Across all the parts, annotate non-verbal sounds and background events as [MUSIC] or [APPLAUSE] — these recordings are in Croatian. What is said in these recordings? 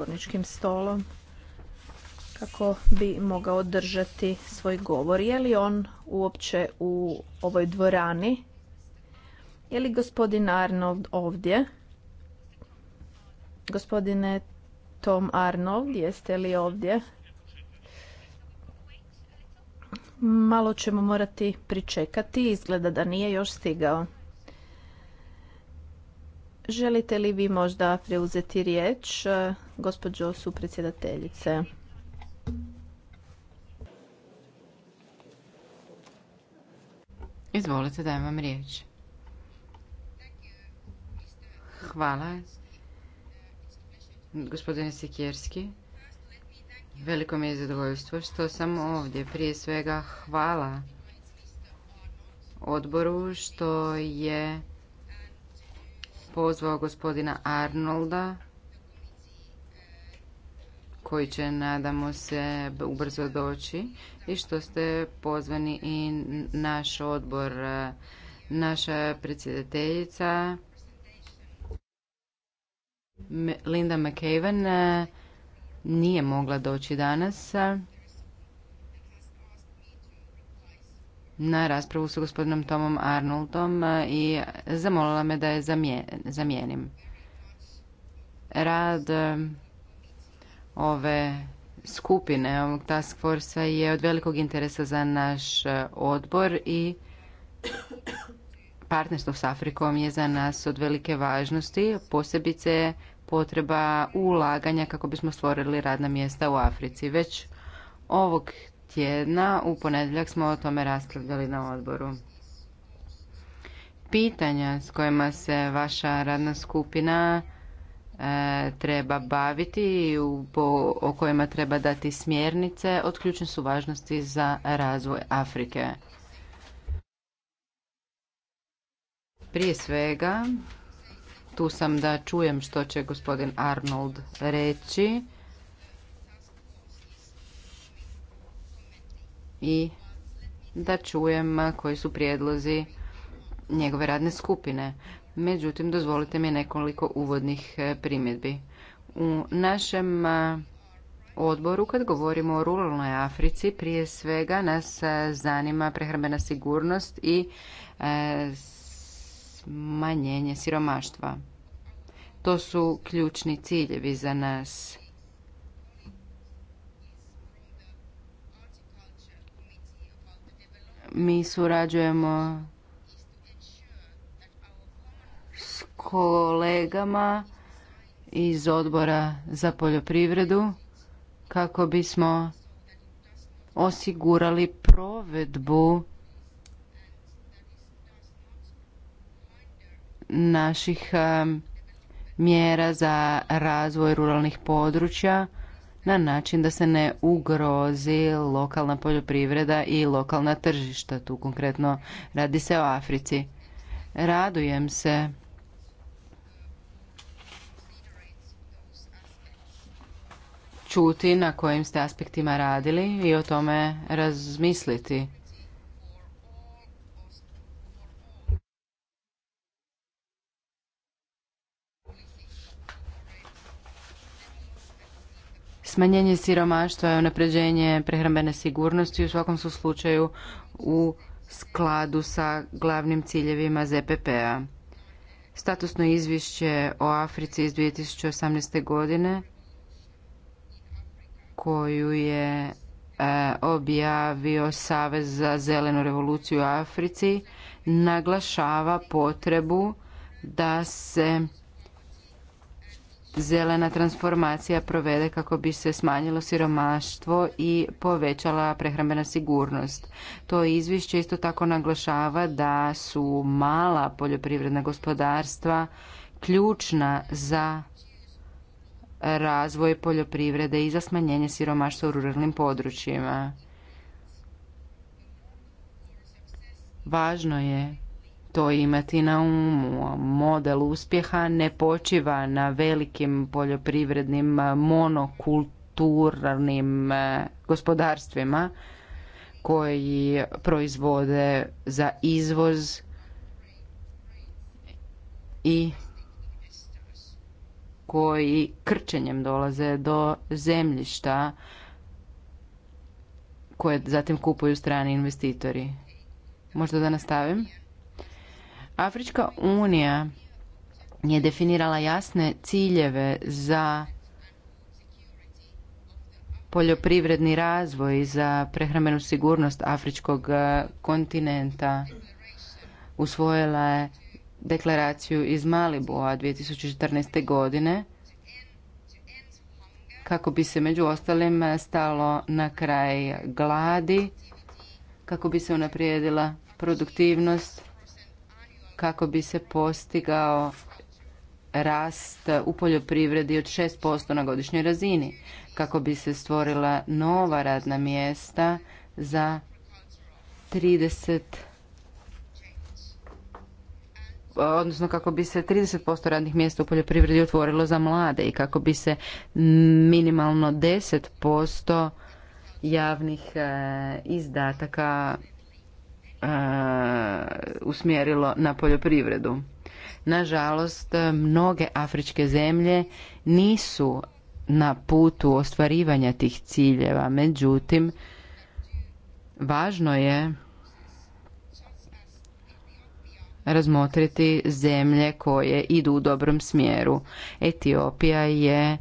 govorničkim stolom kako bi mogao držati svoj govor. Je li on uopće u ovoj dvorani? Je li gospodin Arnold ovdje? Gospodine Tom Arnold, jeste li ovdje? Malo ćemo morati pričekati, izgleda da nije još stigao. Želite li vi možda preuzeti riječ, e, gospođo supredsjedateljice? Izvolite, dajem vam riječ. Hvala. Gospodine Sikjerski, veliko mi je zadovoljstvo što sam ovdje. Prije svega hvala odboru što je pozvao gospodina Arnolda koji će, nadamo se, ubrzo doći i što ste pozvani i naš odbor, naša predsjedateljica Linda McAven nije mogla doći danas. na raspravu sa gospodinom Tomom Arnoldom e, i zamolila me da je zamijenim. Rad e, ove skupine, ovog task force je od velikog interesa za naš e, odbor i partnerstvo s Afrikom je za nas od velike važnosti, posebice potreba ulaganja kako bismo stvorili radna mjesta u Africi. Već ovog tjedna. U ponedjeljak smo o tome raspravljali na odboru. Pitanja s kojima se vaša radna skupina e, treba baviti i o kojima treba dati smjernice od ključne su važnosti za razvoj Afrike. Prije svega, tu sam da čujem što će gospodin Arnold reći. i da čujem koji su prijedlozi njegove radne skupine. Međutim, dozvolite mi nekoliko uvodnih e, primjedbi. U našem e, odboru kad govorimo o ruralnoj Africi prije svega nas e, zanima prehrambena sigurnost i smanjenje siromaštva. To su ključni ciljevi za nas mi surađujemo s kolegama iz odbora za poljoprivredu kako bismo osigurali provedbu naših mjera za razvoj ruralnih područja na način da se ne ugrozi lokalna poljoprivreda i lokalna tržišta. Tu konkretno radi se o Africi. Radujem se čuti na kojim ste aspektima radili i o tome razmisliti. Smanjenje siromaštva i unapređenje prehrambene sigurnosti u svakom su slučaju u skladu sa glavnim ciljevima ZPP-a. Statusno izvješće o Africi iz 2018. godine koju je e, objavio Savez za zelenu revoluciju u Africi naglašava potrebu da se zelena transformacija provede kako bi se smanjilo siromaštvo i povećala prehrambena sigurnost. To izvješće isto tako naglašava da su mala poljoprivredna gospodarstva ključna za razvoj poljoprivrede i za smanjenje siromaštva u ruralnim područjima. Važno je to imati na umu. Model uspjeha ne počiva na velikim poljoprivrednim monokulturnim e, gospodarstvima koji proizvode za izvoz i koji krčenjem dolaze do zemljišta koje zatim kupuju strani investitori. Možda da nastavim? Afrička unija je definirala jasne ciljeve za poljoprivredni razvoj za prehrambenu sigurnost afričkog eh, kontinenta usvojila je deklaraciju iz Malibua 2014. godine kako bi se među ostalim eh, stalo na kraj gladi, kako bi se unaprijedila produktivnost kako bi se postigao rast u poljoprivredi od 6% na godišnjoj razini, kako bi se stvorila nova radna mjesta za 30 odnosno kako bi se 30% radnih mjesta u poljoprivredi otvorilo za mlade i kako bi se minimalno 10% javnih eh, izdataka Eh, usmjerilo na poljoprivredu. Nažalost, mnoge afričke zemlje nisu na putu ostvarivanja tih ciljeva, međutim, važno je razmotriti zemlje koje idu u dobrom smjeru. Etiopija je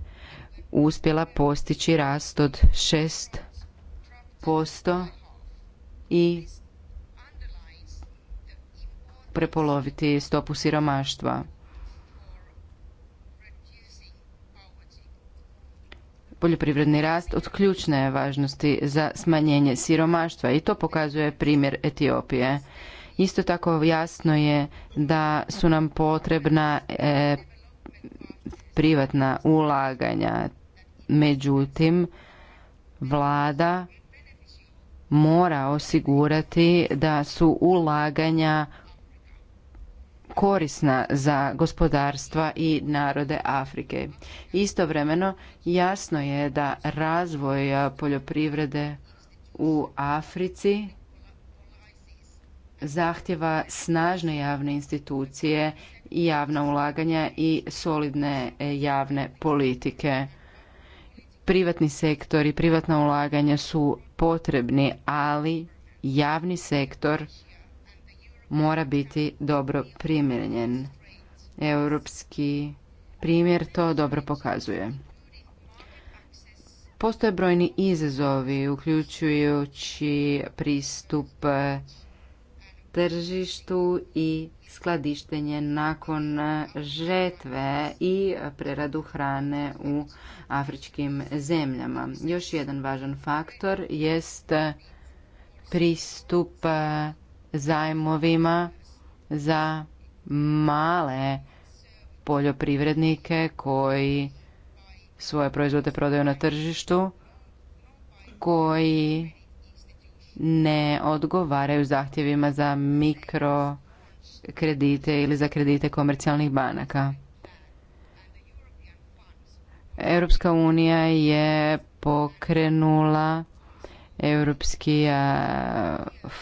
uspjela postići rast od 6% i prepoloviti stopu siromaštva. Poljoprivredni rast od ključne je važnosti za smanjenje siromaštva i to pokazuje primjer Etiopije. Isto tako jasno je da su nam potrebna e, privatna ulaganja. Međutim, vlada mora osigurati da su ulaganja korisna za gospodarstva i narode Afrike. Istovremeno jasno je da razvoj poljoprivrede u Africi zahtjeva snažne javne institucije i javna ulaganja i solidne javne politike. Privatni sektor i privatna ulaganja su potrebni, ali javni sektor mora biti dobro primjenjen. Europski primjer to dobro pokazuje. Postoje brojni izazovi, uključujući pristup e, tržištu i skladištenje nakon e, žetve i preradu hrane u afričkim zemljama. Još jedan važan faktor jest pristup e, zajmovima za male poljoprivrednike koji svoje proizvode prodaju na tržištu, koji ne odgovaraju zahtjevima za mikro kredite ili za kredite komercijalnih banaka. Europska unija je pokrenula Europski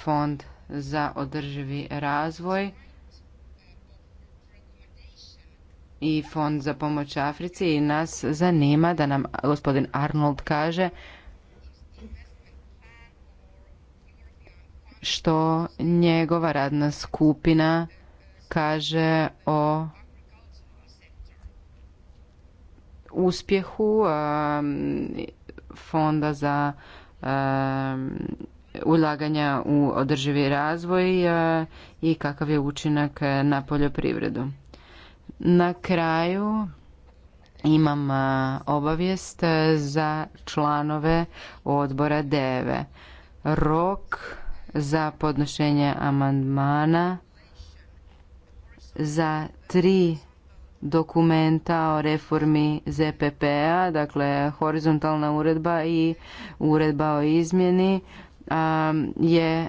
fond za održivi razvoj i fond za pomoć Africi i nas zanima da nam gospodin Arnold kaže što njegova radna skupina kaže o uspjehu fonda za ulaganja u održivi razvoj e, i kakav je učinak e, na poljoprivredu. Na kraju imam e, obavijest za članove odbora DEVE. Rok za podnošenje amandmana za tri dokumenta o reformi ZPP-a, dakle horizontalna uredba i uredba o izmjeni je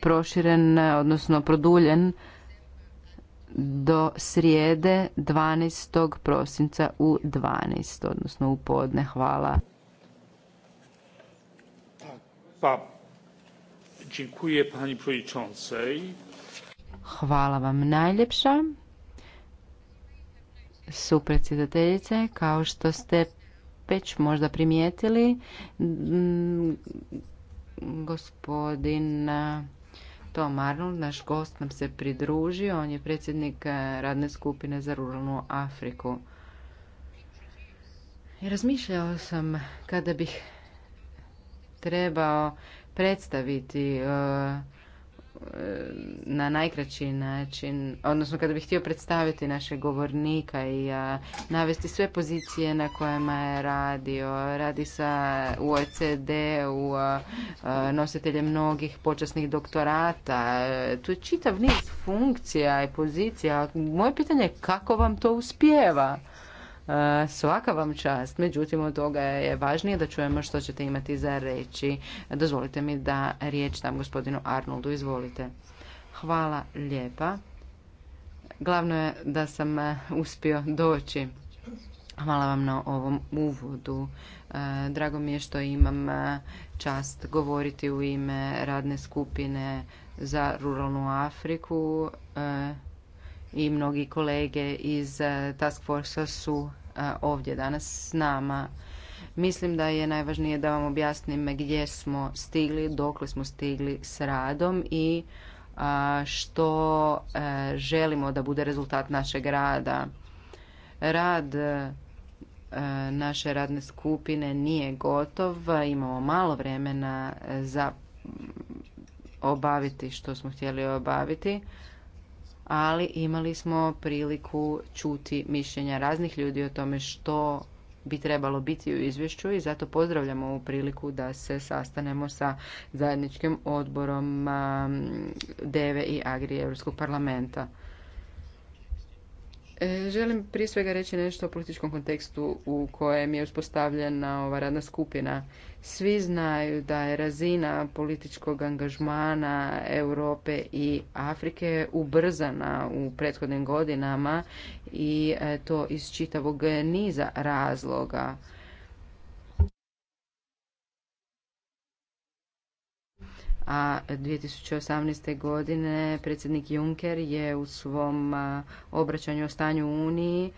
proširen, odnosno produljen do srijede 12. prosinca u 12. odnosno u podne. Hvala. Pa, Hvala vam najljepša. Supredsjedateljice, kao što ste već možda primijetili, Gospodin eh, Tom Arnold, naš gost, nam se pridružio. On je predsjednik eh, radne skupine za ruralnu Afriku. I razmišljao sam kada bih trebao predstaviti eh, na najkraći način, odnosno kada bih htio predstaviti našeg govornika i a, navesti sve pozicije na kojima je radio, radi sa OECD, u a, a, nositelje mnogih počasnih doktorata, tu je čitav niz funkcija i pozicija. Moje pitanje je kako vam to uspijeva? E, svaka vam čast, međutim od toga je važnije da čujemo što ćete imati za reći. Dozvolite mi da riječ dam gospodinu Arnoldu, izvolite. Hvala lijepa. Glavno je da sam e, uspio doći. Hvala vam na ovom uvodu. E, drago mi je što imam čast govoriti u ime radne skupine za ruralnu Afriku i mnogi kolege iz eh, Task Force su eh, ovdje danas s nama. Mislim da je najvažnije da vam objasnim gdje smo stigli, dokle smo stigli s radom i eh, što želimo da bude rezultat našeg rada. Rad naše radne skupine nije gotov, imamo malo vremena za obaviti što smo htjeli obaviti ali imali smo priliku čuti mišljenja raznih ljudi o tome što bi trebalo biti u izvješću i zato pozdravljamo ovu priliku da se sastanemo sa zajedničkim odborom DEVE i Agri Europskog parlamenta. E, želim prije svega reći nešto o političkom kontekstu u kojem je uspostavljena ova radna skupina. Svi znaju da je razina političkog angažmana Europe i Afrike ubrzana u prethodnim godinama i e, to iz čitavog niza razloga a 2018. godine predsjednik Juncker je u svom obraćanju o stanju Uniji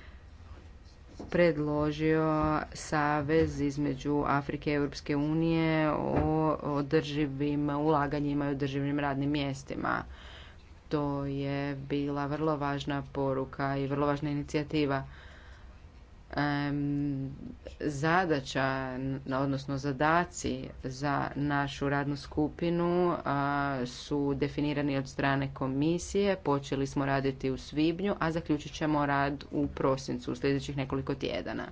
predložio savez između Afrike i Europske unije o održivim ulaganjima i održivim radnim mjestima. To je bila vrlo važna poruka i vrlo važna inicijativa zadaća, odnosno zadaci za našu radnu skupinu su definirani od strane komisije. Počeli smo raditi u svibnju, a zaključit ćemo rad u prosincu, u sljedećih nekoliko tjedana.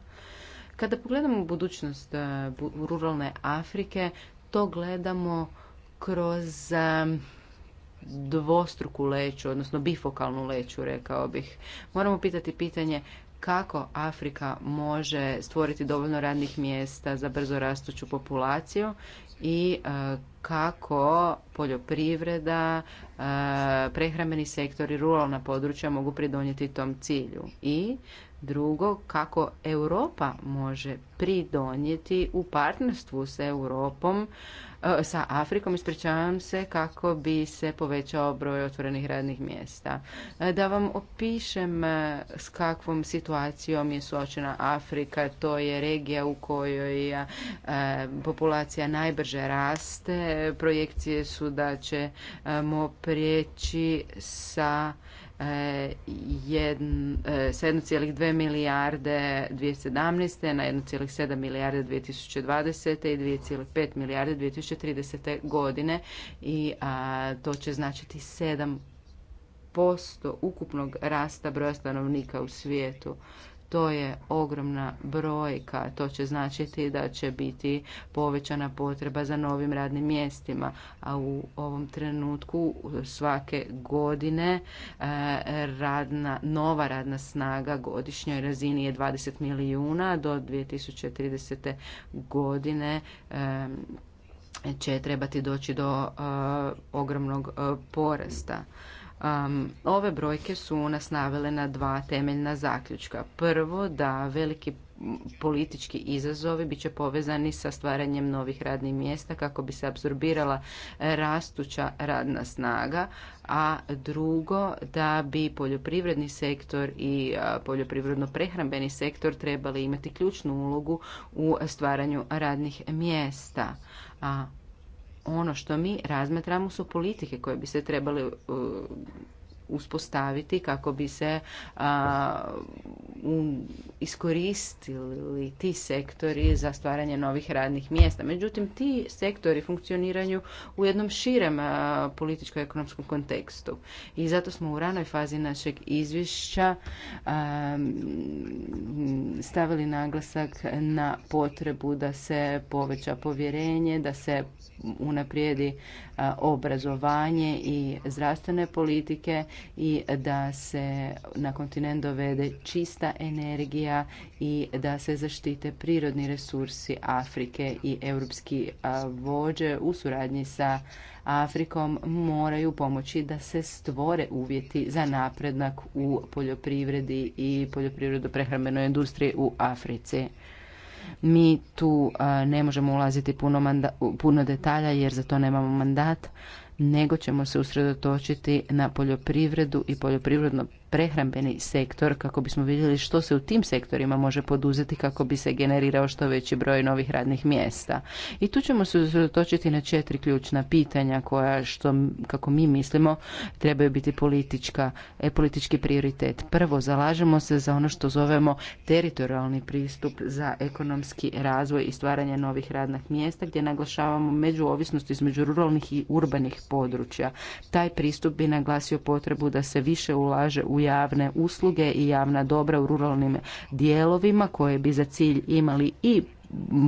Kada pogledamo budućnost e, ruralne Afrike, to gledamo kroz dvostruku leću, odnosno bifokalnu leću, rekao bih. Moramo pitati pitanje kako Afrika može stvoriti dovoljno radnih mjesta za brzo rastuću populaciju i e, kako poljoprivreda, e, prehrambeni sektor i ruralna područja mogu pridonijeti tom cilju. I Drugo, kako Europa može pridonijeti u partnerstvu s Europom, e, sa Afrikom, ispričavam se, kako bi se povećao broj otvorenih radnih mjesta. E, da vam opišem e, s kakvom situacijom je suočena Afrika, to je regija u kojoj populacija najbrže raste. Projekcije su da ćemo prijeći sa E, jedn, e, sa 1,2 milijarde 2017. na 1,7 milijarde 2020. i 2,5 milijarde 2030. godine i to će značiti 7% ukupnog rasta broja stanovnika u svijetu. To je ogromna brojka. To će značiti da će biti povećana potreba za novim radnim mjestima. A u ovom trenutku svake godine e, radna, nova radna snaga godišnjoj razini je 20 milijuna do 2030. godine e, će trebati doći do e, ogromnog porasta ove brojke su nas navele na dva temeljna zaključka. Prvo, da veliki politički izazovi bit će povezani sa stvaranjem novih radnih mjesta kako bi se absorbirala rastuća radna snaga, a drugo da bi poljoprivredni sektor i poljoprivredno-prehrambeni sektor trebali imati ključnu ulogu u stvaranju radnih mjesta. A ono što mi razmatramo su politike koje bi se trebale uh, uspostaviti kako bi se iskoristili ti sektori za stvaranje novih radnih mjesta. Međutim, ti sektori funkcioniraju u jednom širem političko-ekonomskom kontekstu. I zato smo u ranoj fazi našeg izvješća stavili naglasak na potrebu da se poveća povjerenje, da se unaprijedi obrazovanje i zdravstvene politike i da se na kontinent dovede čista energija i da se zaštite prirodni resursi Afrike i europski vođe u suradnji sa Afrikom moraju pomoći da se stvore uvjeti za napredak u poljoprivredi i poljoprivredno prehrambenoj industriji u Africi. Mi tu ne možemo ulaziti puno, manda, puno detalja jer za to nemamo mandat, nego ćemo se usredotočiti na poljoprivredu i poljoprivredno prehrambeni sektor kako bismo vidjeli što se u tim sektorima može poduzeti kako bi se generirao što veći broj novih radnih mjesta. I tu ćemo se usredotočiti na četiri ključna pitanja koja što kako mi mislimo trebaju biti politička, e, politički prioritet. Prvo, zalažemo se za ono što zovemo teritorijalni pristup za ekonomski razvoj i stvaranje novih radnih mjesta gdje naglašavamo međuovisnost između ruralnih i urbanih područja. Taj pristup bi naglasio potrebu da se više ulaže u u javne usluge i javna dobra u ruralnim dijelovima koje bi za cilj imali i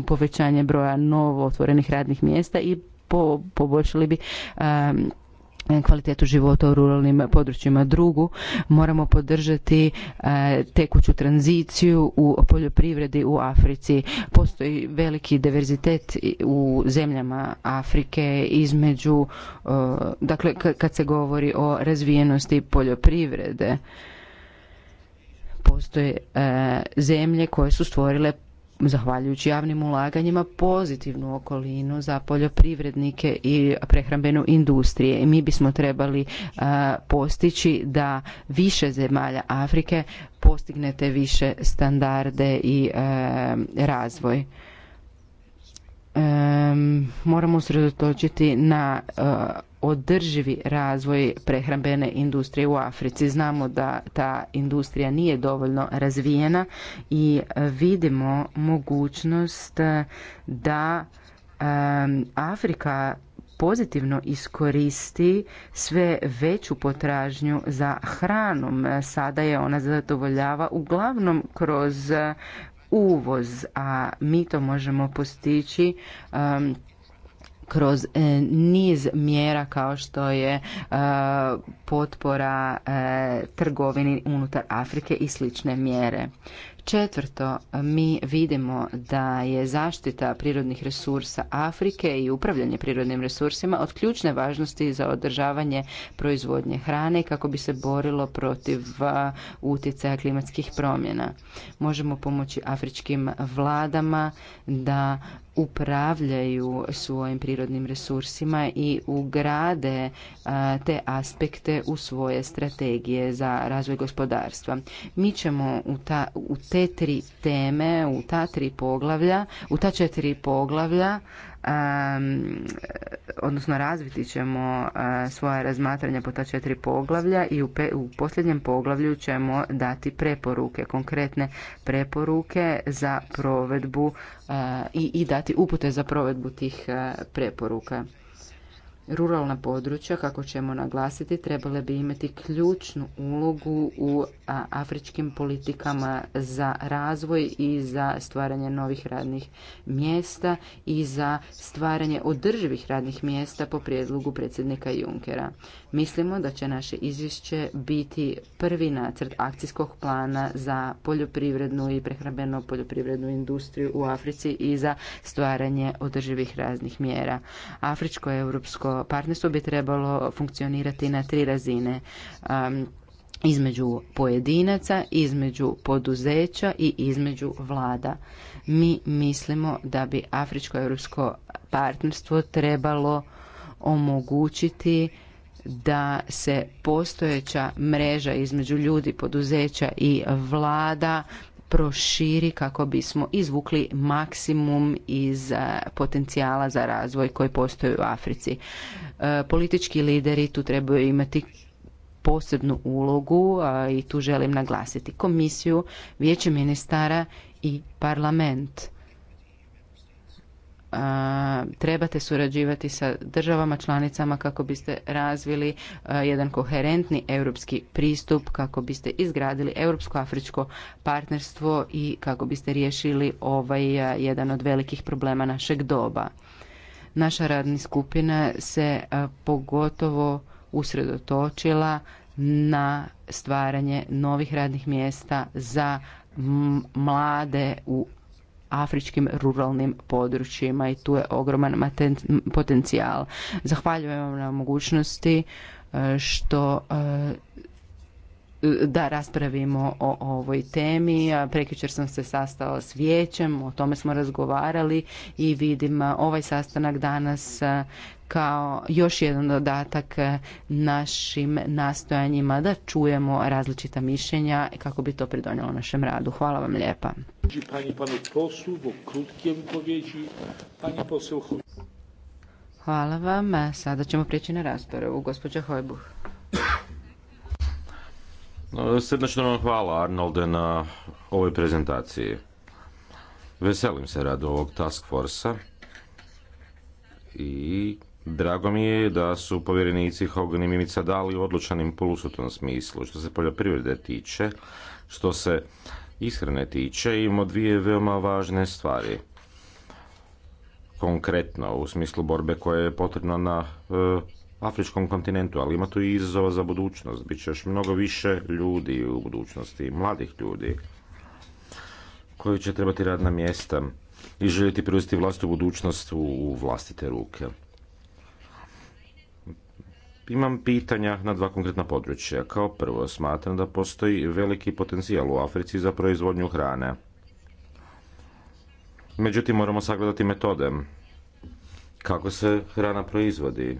povećanje broja novo otvorenih radnih mjesta i poboljšali bi kvalitetu života u ruralnim područjima. Drugu, moramo podržati e, tekuću tranziciju u poljoprivredi u Africi. Postoji veliki diverzitet u zemljama Afrike između, e, dakle kad se govori o razvijenosti poljoprivrede postoje e, zemlje koje su stvorile zahvaljujući javnim ulaganjima pozitivnu okolinu za poljoprivrednike i prehrambenu industrije. I mi bismo trebali postići da više zemalja Afrike postignete više standarde i razvoj moramo usredotočiti na e, održivi razvoj prehrambene industrije u Africi. Znamo da ta industrija nije dovoljno razvijena i vidimo mogućnost da Afrika pozitivno iskoristi sve veću potražnju za hranom. Sada je ona zadovoljava uglavnom kroz uvoz, a mi to možemo postići um, kroz e, niz mjera kao što je e, potpora e, trgovini unutar Afrike i slične mjere. Četvrto, mi vidimo da je zaštita prirodnih resursa Afrike i upravljanje prirodnim resursima od ključne važnosti za održavanje proizvodnje hrane kako bi se borilo protiv uh, utjecaja klimatskih promjena. Možemo pomoći afričkim vladama da upravljaju svojim prirodnim resursima i ugrade te aspekte u svoje strategije za razvoj gospodarstva. Mi ćemo u, ta, u te tri teme, u ta tri poglavlja, u ta četiri poglavlja odnosno razviti ćemo e, svoje razmatranja po ta četiri poglavlja i u, posljednjem poglavlju ćemo dati preporuke, konkretne preporuke za provedbu e, i, i dati upute za provedbu tih e, preporuka. Ruralna područja, kako ćemo naglasiti, trebale bi imati ključnu ulogu u afričkim politikama za razvoj i za stvaranje novih radnih mjesta i za stvaranje održivih radnih mjesta po prijedlogu predsjednika Junkera. Mislimo da će naše izvješće biti prvi nacrt akcijskog plana za poljoprivrednu i prehrambeno poljoprivrednu industriju u Africi i za stvaranje održivih raznih mjera. Afričko-europsko partnerstvo bi trebalo funkcionirati na tri razine um, između pojedinaca, između poduzeća i između vlada. Mi mislimo da bi afričko-europsko partnerstvo trebalo omogućiti da se postojeća mreža između ljudi, poduzeća i vlada proširi kako bismo izvukli maksimum iz eh, potencijala za razvoj koji postoji u Africi. Eh, politički lideri tu trebaju imati posebnu ulogu eh, i tu želim naglasiti komisiju, vijeće ministara i parlament trebate surađivati sa državama članicama kako biste razvili jedan koherentni europski pristup, kako biste izgradili europsko-afričko partnerstvo i kako biste riješili ovaj jedan od velikih problema našeg doba. Naša radna skupina se pogotovo usredotočila na stvaranje novih radnih mjesta za mlade u afričkim ruralnim područjima i tu je ogroman potencijal. Zahvaljujem vam na mogućnosti e, što e, da raspravimo o ovoj temi. Prekjučer sam se sastao s vijećem, o tome smo razgovarali i vidim ovaj sastanak danas kao još jedan dodatak e, našim nastojanjima da čujemo različita mišljenja kako bi to pridonjelo našem radu. Hvala vam lijepa. Hvala vam. E, sada ćemo prijeći na raspravu. Gospođa Hojbuh. Srdačno vam hvala Arnolde na ovoj prezentaciji. Veselim se radu ovog task forsa i Drago mi je da su povjerenici Hogan i Mimica dali odlučan impuls u tom smislu. Što se poljoprivrede tiče, što se ishrane tiče, imamo dvije veoma važne stvari. Konkretno, u smislu borbe koja je potrebna na e, afričkom kontinentu, ali ima tu i izazova za budućnost. Biće još mnogo više ljudi u budućnosti, mladih ljudi, koji će trebati radna mjesta i željeti preuzeti u budućnost u vlastite ruke. Imam pitanja na dva konkretna područja. Kao prvo, smatram da postoji veliki potencijal u Africi za proizvodnju hrane. Međutim, moramo sagledati metode. Kako se hrana proizvodi?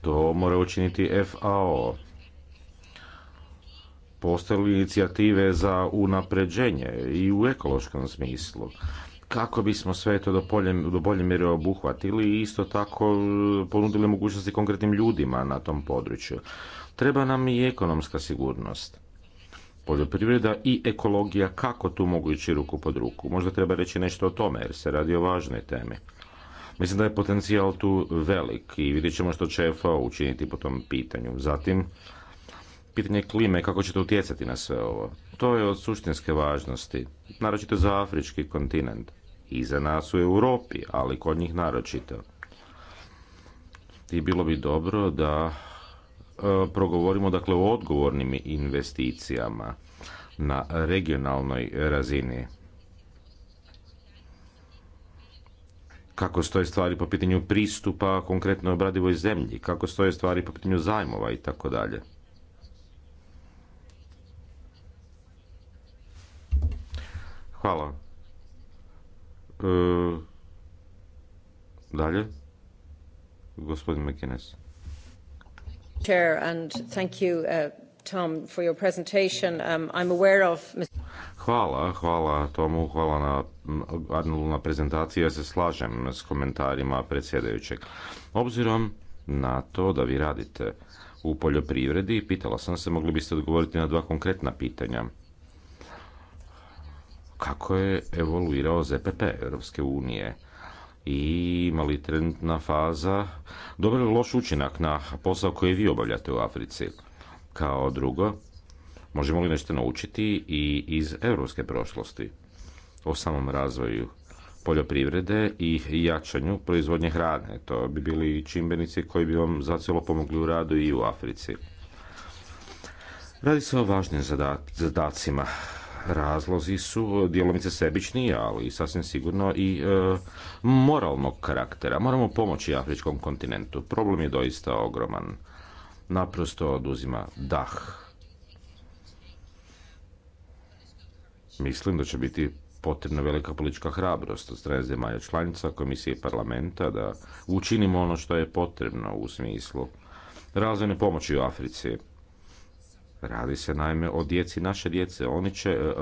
To mora učiniti FAO. Postoje li inicijative za unapređenje i u ekološkom smislu? kako bismo sve to do, do bolje mjere obuhvatili i isto tako e, ponudili mogućnosti konkretnim ljudima na tom području. Treba nam i ekonomska sigurnost. Poljoprivreda i ekologija kako tu mogu ići ruku pod ruku. Možda treba reći nešto o tome jer se radi o važnoj temi. Mislim da je potencijal tu velik i vidjet ćemo što će FAO učiniti po tom pitanju. Zatim, pitanje klime, kako ćete utjecati na sve ovo. To je od suštinske važnosti, naročito za afrički kontinent za nas u Europi, ali kod njih naročito. I bilo bi dobro da e, progovorimo dakle o odgovornim investicijama na regionalnoj razini. Kako stoje stvari po pitanju pristupa konkretno obradivoj zemlji, kako stoje stvari po pitanju zajmova i tako dalje. Hvala E, dalje, gospodin McInnes. Chair, and Hvala, hvala Tomu, hvala na prezentaciji, ja se slažem s komentarima predsjedajućeg. Obzirom na to da vi radite u poljoprivredi, pitala sam se, mogli biste odgovoriti na dva konkretna pitanja kako je evoluirao ZPP Europske unije i imali trenutna faza dobro loš učinak na posao koji vi obavljate u Africi. Kao drugo, možemo li nešto naučiti i iz europske prošlosti o samom razvoju poljoprivrede i jačanju proizvodnje hrane. To bi bili čimbenici koji bi vam zacijelo pomogli u radu i u Africi. Radi se o važnim zadacima razlozi su e, djelomice sebični, ali sasvim sigurno i e, moralnog karaktera. Moramo pomoći afričkom kontinentu. Problem je doista ogroman. Naprosto oduzima dah. Mislim da će biti potrebna velika politička hrabrost od strane zemalja članica, komisije i parlamenta da učinimo ono što je potrebno u smislu razvojne pomoći u Africi Radi se naime o djeci naše djece. Oni će e, e,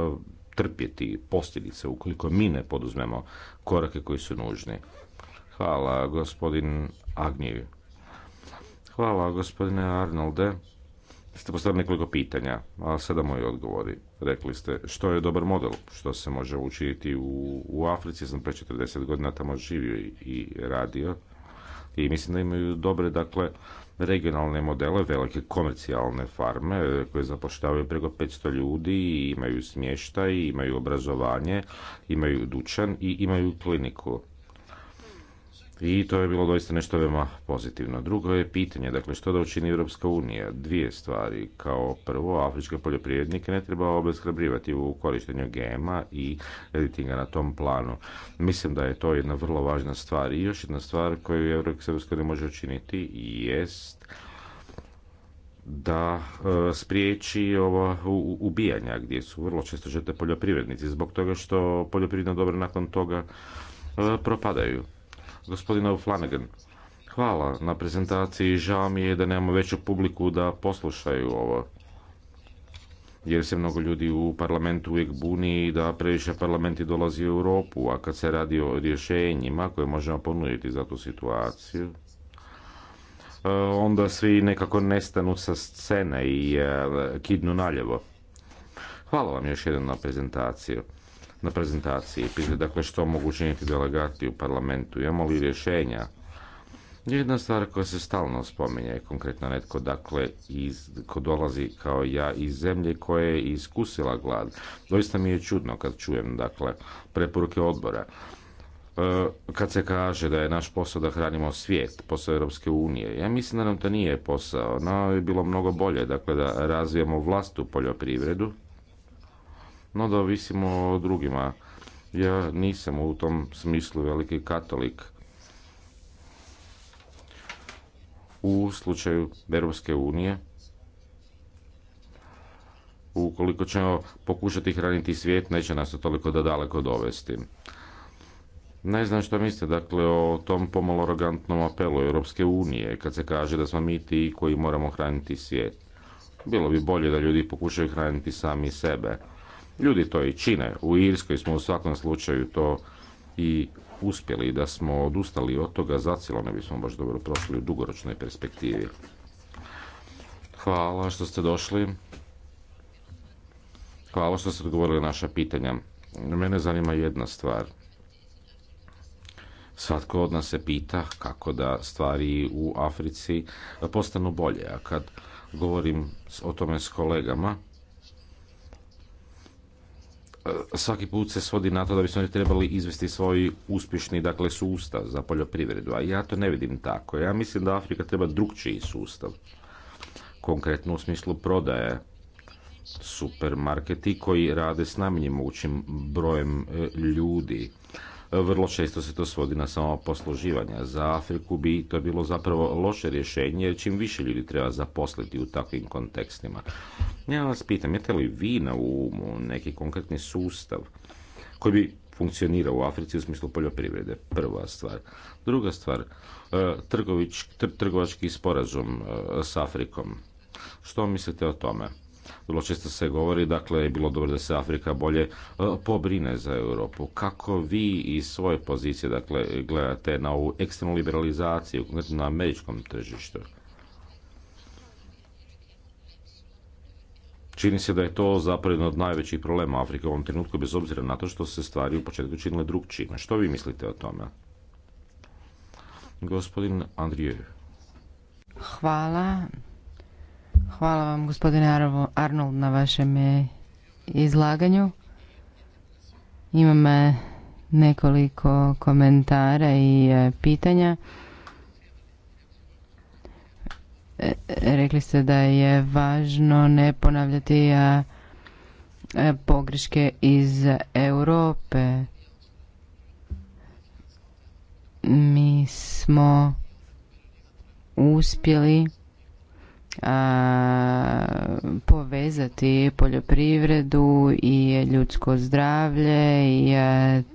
trpjeti posljedice ukoliko mi ne poduzmemo korake koji su nužni. Hvala gospodin Agnjev. Hvala gospodine Arnolde. Ste postavili nekoliko pitanja, a sada moji odgovori. Rekli ste što je dobar model, što se može učiniti u, u Africi, sam pre 40 godina tamo živio i, i radio i mislim da imaju dobre, dakle, regionalne modele, velike komercijalne farme e, koje zapošljavaju preko 500 ljudi i imaju smještaj, imaju obrazovanje, imaju dućan i imaju kliniku i to je bilo doista nešto veoma pozitivno. Drugo je pitanje, dakle, što da učini Europska unija? Dvije stvari. Kao prvo, afričke poljoprivrednike ne treba obezhrabrivati u korištenju gema i editinga na tom planu. Mislim da je to jedna vrlo važna stvar. I još jedna stvar koju Europska unija može učiniti jest da e, spriječi ovo ubijanja gdje su vrlo često žete poljoprivrednici zbog toga što poljoprivredna dobra nakon toga e, propadaju gospodina Flanagan. Hvala na prezentaciji, žao mi je da nemamo veću publiku da poslušaju ovo. Jer se mnogo ljudi u parlamentu uvijek buni da previše parlamenti dolazi u Europu, a kad se radi o rješenjima koje možemo ponuditi za tu situaciju, eh, onda svi nekako nestanu sa scene i eh, kidnu naljevo. Hvala vam još jednom na prezentaciju na prezentaciji. Pita dakle što mogu učiniti delegati u parlamentu, imamo li rješenja? Jedna stvar koja se stalno spominje, konkretno netko dakle iz, ko dolazi kao ja iz zemlje koja je iskusila glad. Doista mi je čudno kad čujem dakle preporuke odbora. E, kad se kaže da je naš posao da hranimo svijet, posao Europske unije, ja mislim da nam to nije posao, no je bilo mnogo bolje, dakle da razvijemo vlastu poljoprivredu, no da ovisimo o drugima. Ja nisam u tom smislu veliki katolik. U slučaju Europske unije, ukoliko ćemo pokušati hraniti svijet, neće nas toliko da daleko dovesti. Ne znam što mislite, dakle, o tom pomalo arogantnom apelu Europske unije, kad se kaže da smo mi ti koji moramo hraniti svijet. Bilo bi bolje da ljudi pokušaju hraniti sami sebe. Ljudi to i čine. U Irskoj smo u svakom slučaju to i uspjeli da smo odustali od toga zacijelo ne bismo baš dobro prošli u dugoročnoj perspektivi. Hvala što ste došli. Hvala što ste odgovorili naša pitanja. Mene zanima jedna stvar. Svatko od nas se pita kako da stvari u Africi postanu bolje, a kad govorim o tome s kolegama, svaki put se svodi na to da bi se oni trebali izvesti svoj uspješni dakle, sustav za poljoprivredu, a ja to ne vidim tako. Ja mislim da Afrika treba drugčiji sustav, konkretno u smislu prodaje supermarketi koji rade s najmanjim mogućim brojem e, ljudi vrlo često se to svodi na samo posluživanje. Za Afriku bi to bilo zapravo loše rješenje jer čim više ljudi treba zaposliti u takvim kontekstima. Ja vas pitam, jete li vi na umu neki konkretni sustav koji bi funkcionirao u Africi u smislu poljoprivrede? Prva stvar. Druga stvar, e, trgovački sporazum e, s Afrikom. Što mislite o tome? Vrlo često se govori, dakle, je bilo dobro da se Afrika bolje e, pobrine za Europu. Kako vi iz svoje pozicije, dakle, gledate na ovu ekstremnu liberalizaciju, na američkom tržištu? Čini se da je to zapravo jedan od najvećih problema Afrike u ovom trenutku, bez obzira na to što se stvari u početku činile drugčime. Što vi mislite o tome? Gospodin Andrije. Hvala. Hvala vam gospodine Arnold na vašem izlaganju. Imam e, nekoliko komentara i e, pitanja. E, rekli ste da je važno ne ponavljati pogreške iz Europe. Mi smo uspjeli a, povezati poljoprivredu i ljudsko zdravlje i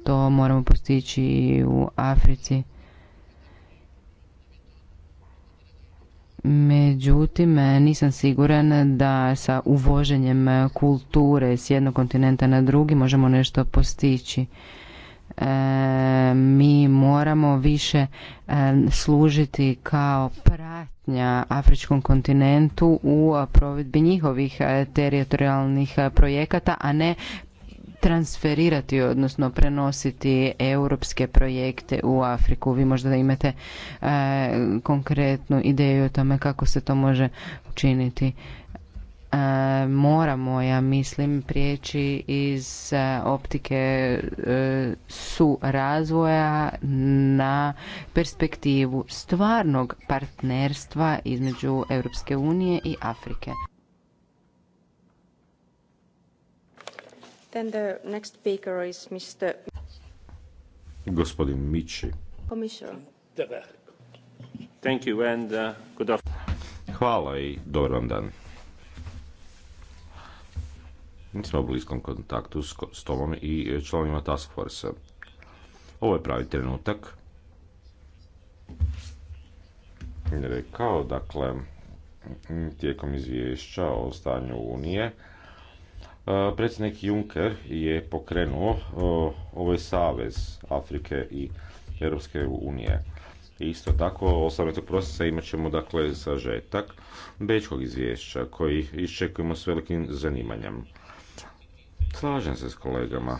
to moramo postići u Africi. Međutim, nisam siguran da sa uvoženjem kulture s jednog kontinenta na drugi možemo nešto postići. E, mi moramo više e, služiti kao pratnja Afričkom kontinentu u provedbi njihovih e, teritorijalnih projekata, a ne transferirati, odnosno prenositi europske projekte u Afriku. Vi možda da imate konkretnu ideju o tome kako se to može učiniti. E, moramo, ja mislim, prijeći iz e, optike e, su razvoja na perspektivu stvarnog partnerstva između Europske unije i Afrike. Then the next speaker is Mr. Gospodin Mići. Commissioner. Thank you and uh, good afternoon. Hvala i dobar vam dan nismo u bliskom kontaktu s, s tobom i članima task force Ovo je pravi trenutak. Rekao, dakle, tijekom izvješća o stanju Unije, e, predsjednik Juncker je pokrenuo ovaj savez Afrike i Europske unije. Isto tako, 18. prosinca imat ćemo dakle sažetak Bečkog izvješća koji iščekujemo s velikim zanimanjem. Slažem se s kolegama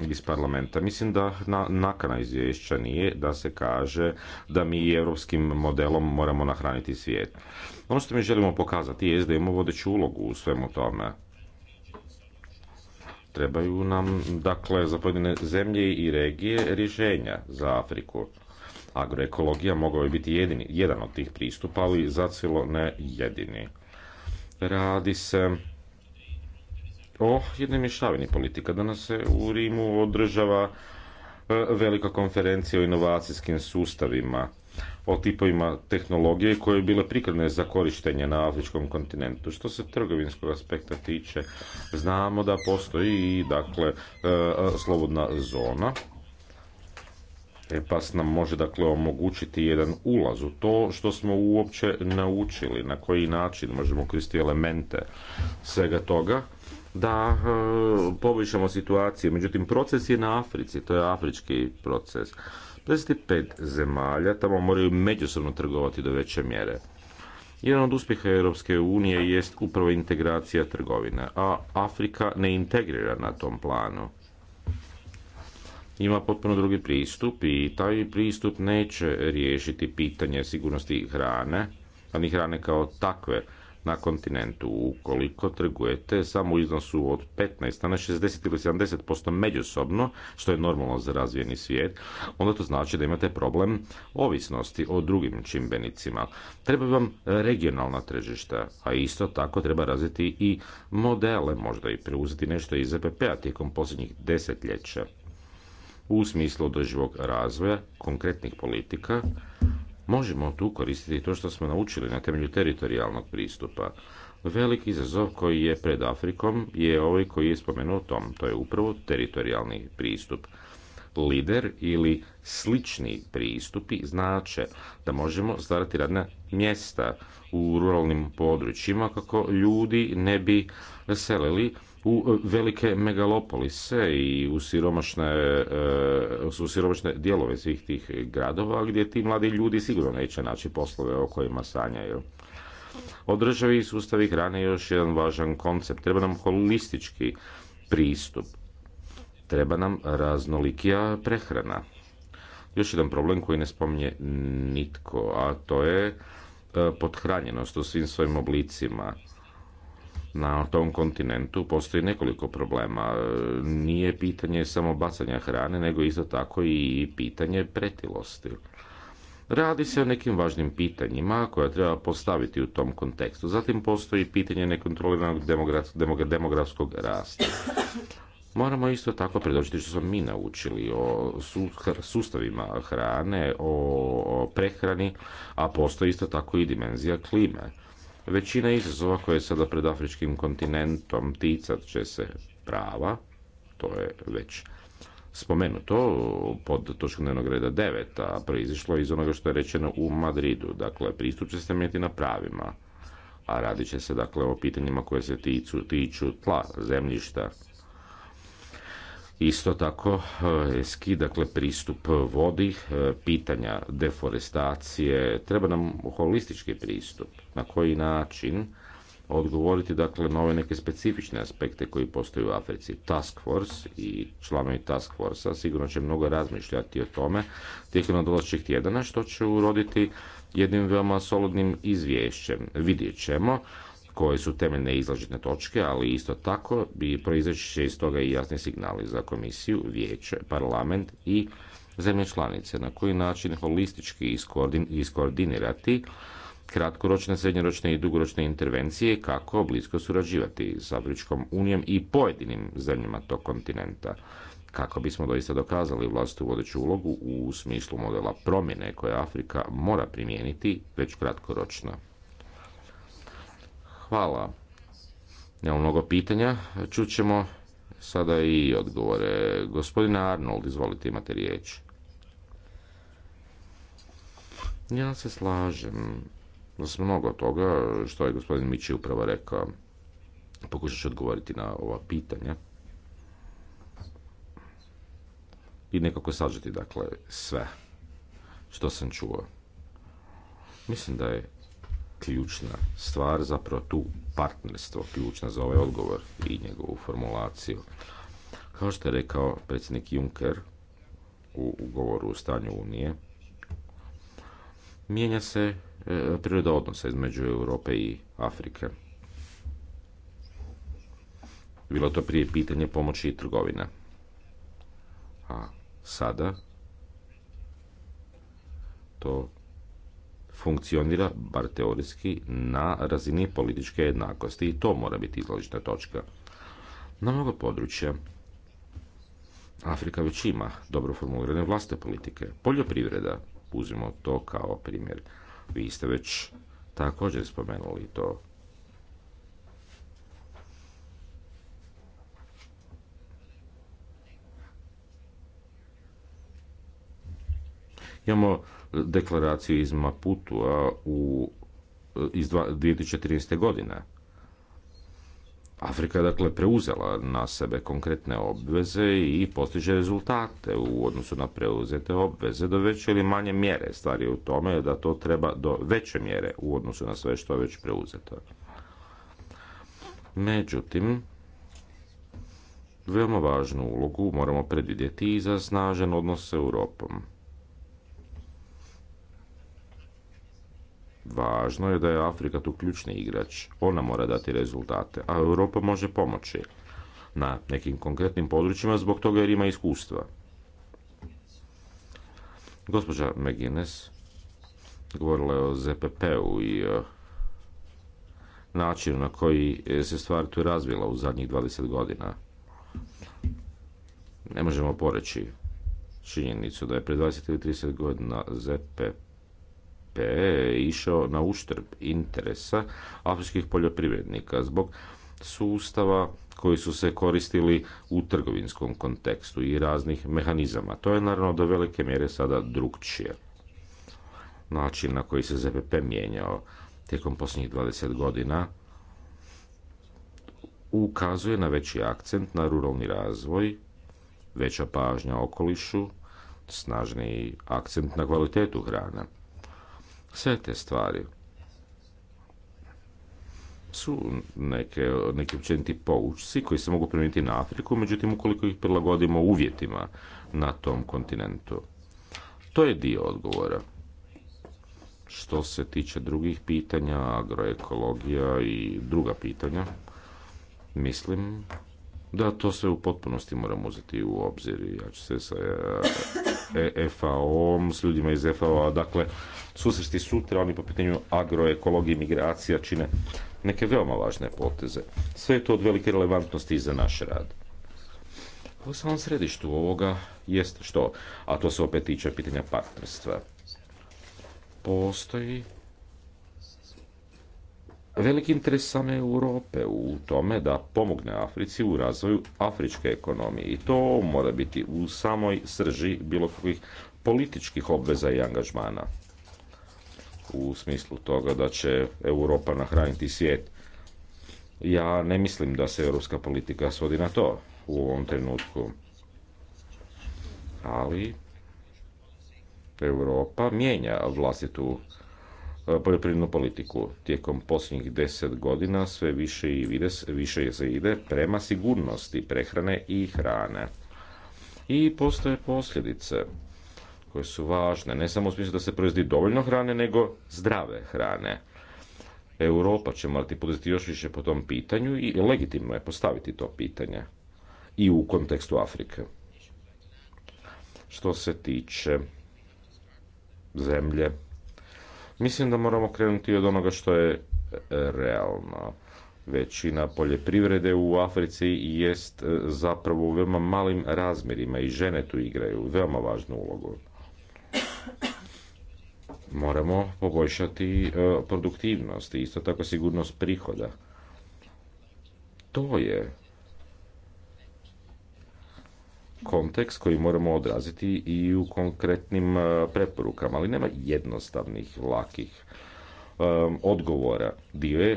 iz parlamenta. Mislim da na, nakana izvješća nije da se kaže da mi europskim modelom moramo nahraniti svijet. Ono što mi želimo pokazati je da imamo vodeću ulogu u svemu tome. Trebaju nam, dakle, za pojedine zemlje i regije rješenja za Afriku. Agroekologija mogao bi biti jedan od tih pristupa, ali zacilo ne jedini. Radi se o oh, jednoj mješavini politika. Danas se u Rimu održava e, velika konferencija o inovacijskim sustavima, o tipovima tehnologije koje je bile prikladne za korištenje na afričkom kontinentu. Što se trgovinskog aspekta tiče, znamo da postoji i dakle e, slobodna zona e, pas nam može dakle omogućiti jedan ulaz u to što smo uopće naučili, na koji način možemo koristiti elemente svega toga da e, poboljšamo situaciju. Međutim, proces je na Africi, to je afrički proces. 25 zemalja tamo moraju međusobno trgovati do veće mjere. Jedan od uspjeha Europske unije jest upravo integracija trgovine, a Afrika ne integrira na tom planu. Ima potpuno drugi pristup i taj pristup neće riješiti pitanje sigurnosti hrane, ali hrane kao takve, na kontinentu. Ukoliko trgujete samo u iznosu od 15 na 60 ili 70% međusobno, što je normalno za razvijeni svijet, onda to znači da imate problem ovisnosti o drugim čimbenicima. Treba vam regionalna tržišta, a isto tako treba razviti i modele, možda i preuzeti nešto iz EPP-a tijekom posljednjih desetljeća u smislu održivog razvoja, konkretnih politika, Možemo tu koristiti to što smo naučili na temelju teritorijalnog pristupa. Veliki izazov koji je pred Afrikom je ovaj koji je spomenutom, to je upravo teritorijalni pristup lider ili slični pristupi znače da možemo stvarati radna mjesta u ruralnim područjima kako ljudi ne bi selili u velike megalopolise i u siromašne, e, u siromašne dijelove svih tih gradova gdje ti mladi ljudi sigurno neće naći poslove o kojima sanjaju. Održavi i sustavi hrane je još jedan važan koncept. Treba nam holistički pristup Treba nam raznolikija prehrana. Još jedan problem koji ne spominje nitko, a to je e, podhranjenost u svim svojim oblicima. Na tom kontinentu postoji nekoliko problema. E, nije pitanje samo bacanja hrane, nego isto tako i pitanje pretilosti. Radi se o nekim važnim pitanjima koja treba postaviti u tom kontekstu. Zatim postoji pitanje nekontroliranog demografskog rasta. Moramo isto tako predočiti što smo mi naučili o sustavima hrane, o prehrani, a postoji isto tako i dimenzija klime. Većina izazova koje je sada pred afričkim kontinentom ticat će se prava, to je već spomenuto pod točkom dnevnog reda 9, a proizišlo iz onoga što je rečeno u Madridu. Dakle, pristup će se temeljiti na pravima, a radit će se dakle o pitanjima koje se tiču, tiču tla, zemljišta, Isto tako, eh, ESKI, dakle pristup vodi, eh, pitanja deforestacije, treba nam holistički pristup. Na koji način odgovoriti dakle na ove neke specifične aspekte koji postoje u Africi. Task Force i članovi Task Force-a sigurno će mnogo razmišljati o tome tijekom nadolazećih tjedana što će uroditi jednim veoma solidnim izvješćem. Vidjet ćemo koje su temeljne izlažitne točke, ali isto tako bi proizaći će iz toga i jasni signali za komisiju, vijeće, parlament i zemlje članice na koji način holistički iskoordinirati kratkoročne, srednjoročne i dugoročne intervencije kako blisko surađivati s Afričkom unijom i pojedinim zemljama tog kontinenta kako bismo doista dokazali vlastitu vodeću ulogu u smislu modela promjene koje Afrika mora primijeniti već kratkoročno. Hvala. Nemamo mnogo pitanja. Čućemo sada i odgovore. Gospodine Arnold, izvolite, imate riječ. Ja se slažem s mnogo toga što je gospodin Mići upravo rekao. Pokušat ću odgovoriti na ova pitanja. I nekako sažeti, dakle, sve što sam čuo. Mislim da je ključna stvar, zapravo tu partnerstvo ključna za ovaj odgovor i njegovu formulaciju. Kao što je rekao predsjednik Juncker u ugovoru o stanju Unije, mijenja se e, priroda odnosa između Europe i Afrike. Bilo to prije pitanje pomoći i trgovina. A sada to funkcionira, bar teorijski, na razini političke jednakosti i to mora biti izložita točka. Na mnogo područja Afrika već ima dobro formulirane vlastne politike. Poljoprivreda, uzmemo to kao primjer. Vi ste već također spomenuli to. Imamo deklaraciju iz Maputua u, eh, iz 2013. godine. Afrika je dakle preuzela na sebe konkretne obveze i postiže rezultate u odnosu na preuzete obveze do veće ili manje mjere. Stvar je u tome da to treba do veće mjere u odnosu na sve što je već preuzeto. Međutim, veoma važnu ulogu moramo predvidjeti i za snažan odnos s Europom. Važno je da je Afrika tu ključni igrač. Ona mora dati rezultate, a Europa može pomoći na nekim konkretnim područjima zbog toga jer ima iskustva. Gospođa McGuinness govorila je o ZPP-u i e, načinu na koji se stvar tu razvila u zadnjih 20 godina. Ne možemo poreći činjenicu da je pre 20 ili 30 godina ZPP je išao na uštrb interesa afričkih poljoprivrednika zbog sustava koji su se koristili u trgovinskom kontekstu i raznih mehanizama. To je naravno do velike mjere sada drugčije. Način na koji se ZPP mijenjao tijekom posljednjih 20 godina ukazuje na veći akcent na ruralni razvoj, veća pažnja okolišu, snažni akcent na kvalitetu hrane. Sve te stvari su neke, neki općeniti poučci koji se mogu primijeniti na Afriku, međutim ukoliko ih prilagodimo uvjetima na tom kontinentu. To je dio odgovora. Što se tiče drugih pitanja, agroekologija i druga pitanja, mislim da to sve u potpunosti moramo uzeti u obzir. Ja ću se sa E FAO-om, s ljudima iz FAO-a, dakle, susresti sutra, oni po pitanju agroekologije i migracija čine neke veoma važne poteze. Sve je to od velike relevantnosti i za naš rad. U samom središtu ovoga jeste što, a to se opet tiče pitanja partnerstva, postoji veliki interes same Europe u tome da pomogne Africi u razvoju afričke ekonomije i to mora biti u samoj srži bilo kakvih političkih obveza i angažmana u smislu toga da će Europa nahraniti svijet. Ja ne mislim da se europska politika svodi na to u ovom trenutku. Ali Europa mijenja vlastitu E, poljoprivrednu politiku. Tijekom posljednjih deset godina sve više i vide, više se ide prema sigurnosti prehrane i hrane. I postoje posljedice koje su važne, ne samo u smislu da se proizvodi dovoljno hrane, nego zdrave hrane. Europa će morati poduzeti još više po tom pitanju i legitimno je postaviti to pitanje i u kontekstu Afrike. Što se tiče zemlje Mislim da moramo krenuti od onoga što je e, realno. Većina poljoprivrede u Africi jest e, zapravo u veoma malim razmjerima i žene tu igraju veoma važnu ulogu. Moramo poboljšati e, produktivnost i isto tako sigurnost prihoda. To je kontekst koji moramo odraziti i u konkretnim e, preporukama, ali nema jednostavnih, lakih e, odgovora. Dio e,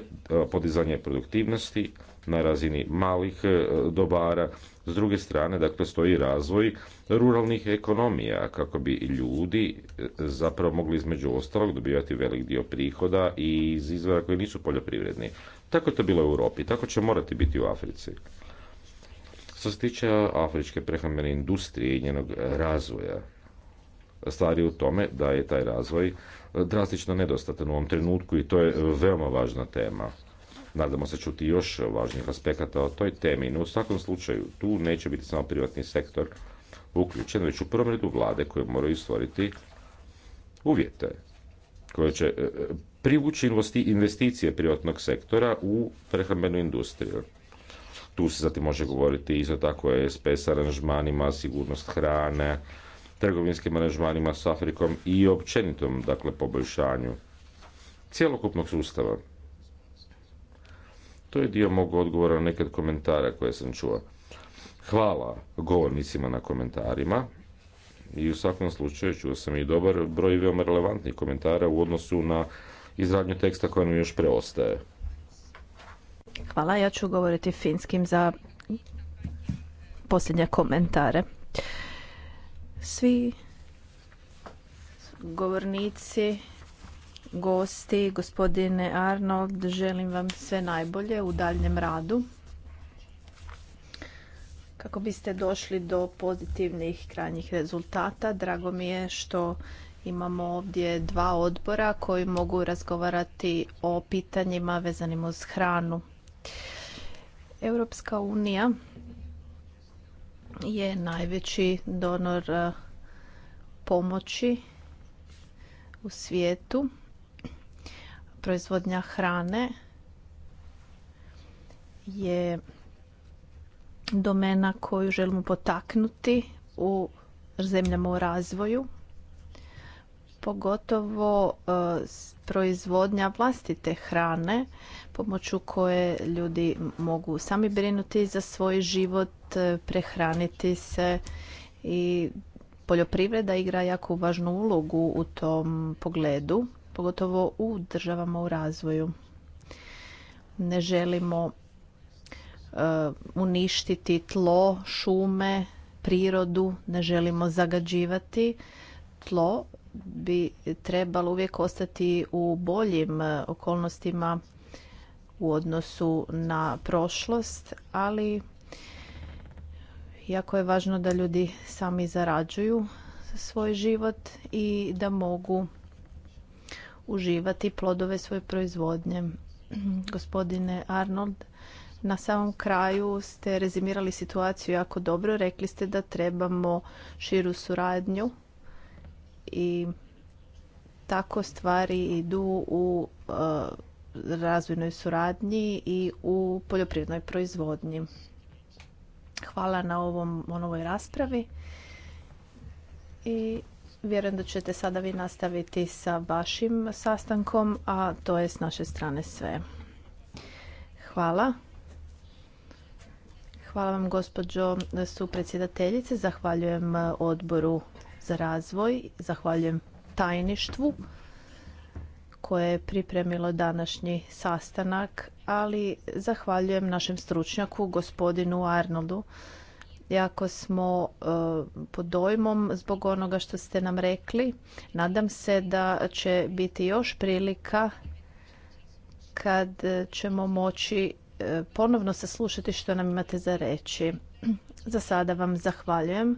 podizanje produktivnosti na razini malih dobara, s druge strane, dakle, stoji razvoj ruralnih ekonomija, kako bi ljudi zapravo mogli između ostalog dobivati velik dio prihoda i iz izvora koji nisu poljoprivredni. Tako je to bilo u Europi, tako će morati biti u Africi. Što se tiče afričke prehrambene industrije i njenog razvoja, stvar je u tome da je taj razvoj drastično nedostatan u ovom trenutku i to je veoma važna tema. Nadamo se čuti još važnijih aspekata o toj temi, no u svakom slučaju tu neće biti samo privatni sektor uključen, već u prvom redu vlade koje moraju stvoriti uvjete koje će e, privući investicije privatnog sektora u prehrambenu industriju. Tu se zatim može govoriti isto tako o SPS e aranžmanima, sigurnost hrane, trgovinskim aranžmanima s Afrikom i općenitom, dakle, poboljšanju cjelokupnog sustava. To je dio mog odgovora na nekad komentara koje sam čuo. Hvala govornicima na komentarima i u svakom slučaju čuo sam i dobar broj veoma relevantnih komentara u odnosu na izradnju teksta koja nam još preostaje. Hvala, ja ću govoriti finskim za posljednje komentare. Svi govornici, gosti, gospodine Arnold, želim vam sve najbolje u daljnjem radu kako biste došli do pozitivnih krajnjih rezultata. Drago mi je što imamo ovdje dva odbora koji mogu razgovarati o pitanjima vezanim uz hranu. Europska unija je najveći donor e, pomoći u svijetu. Proizvodnja hrane je domena koju želimo potaknuti u zemljama u razvoju pogotovo e, proizvodnja vlastite hrane pomoću koje ljudi mogu sami brinuti za svoj život, e, prehraniti se i poljoprivreda igra jako važnu ulogu u tom pogledu, pogotovo u državama u razvoju. Ne želimo e, uništiti tlo, šume, prirodu, ne želimo zagađivati tlo bi trebalo uvijek ostati u boljim e, okolnostima u odnosu na prošlost, ali jako je važno da ljudi sami zarađuju svoj život i da mogu uživati plodove svoje proizvodnje. [CLEARS THROAT] Gospodine Arnold, na samom kraju ste rezimirali situaciju jako dobro. Rekli ste da trebamo širu suradnju i tako stvari idu u e, razvojnoj suradnji i u poljoprivrednoj proizvodnji. Hvala na ovom, ovoj raspravi i vjerujem da ćete sada vi nastaviti sa vašim sastankom, a to je s naše strane sve. Hvala. Hvala vam gospođo su predsjedateljice. Zahvaljujem odboru za razvoj. Zahvaljujem tajništvu koje je pripremilo današnji sastanak, ali zahvaljujem našem stručnjaku, gospodinu Arnoldu. Jako smo e, pod dojmom zbog onoga što ste nam rekli. Nadam se da će biti još prilika kad ćemo moći e, ponovno saslušati što nam imate za reći. [CLEARS THROAT] Za sada vam zahvaljujem.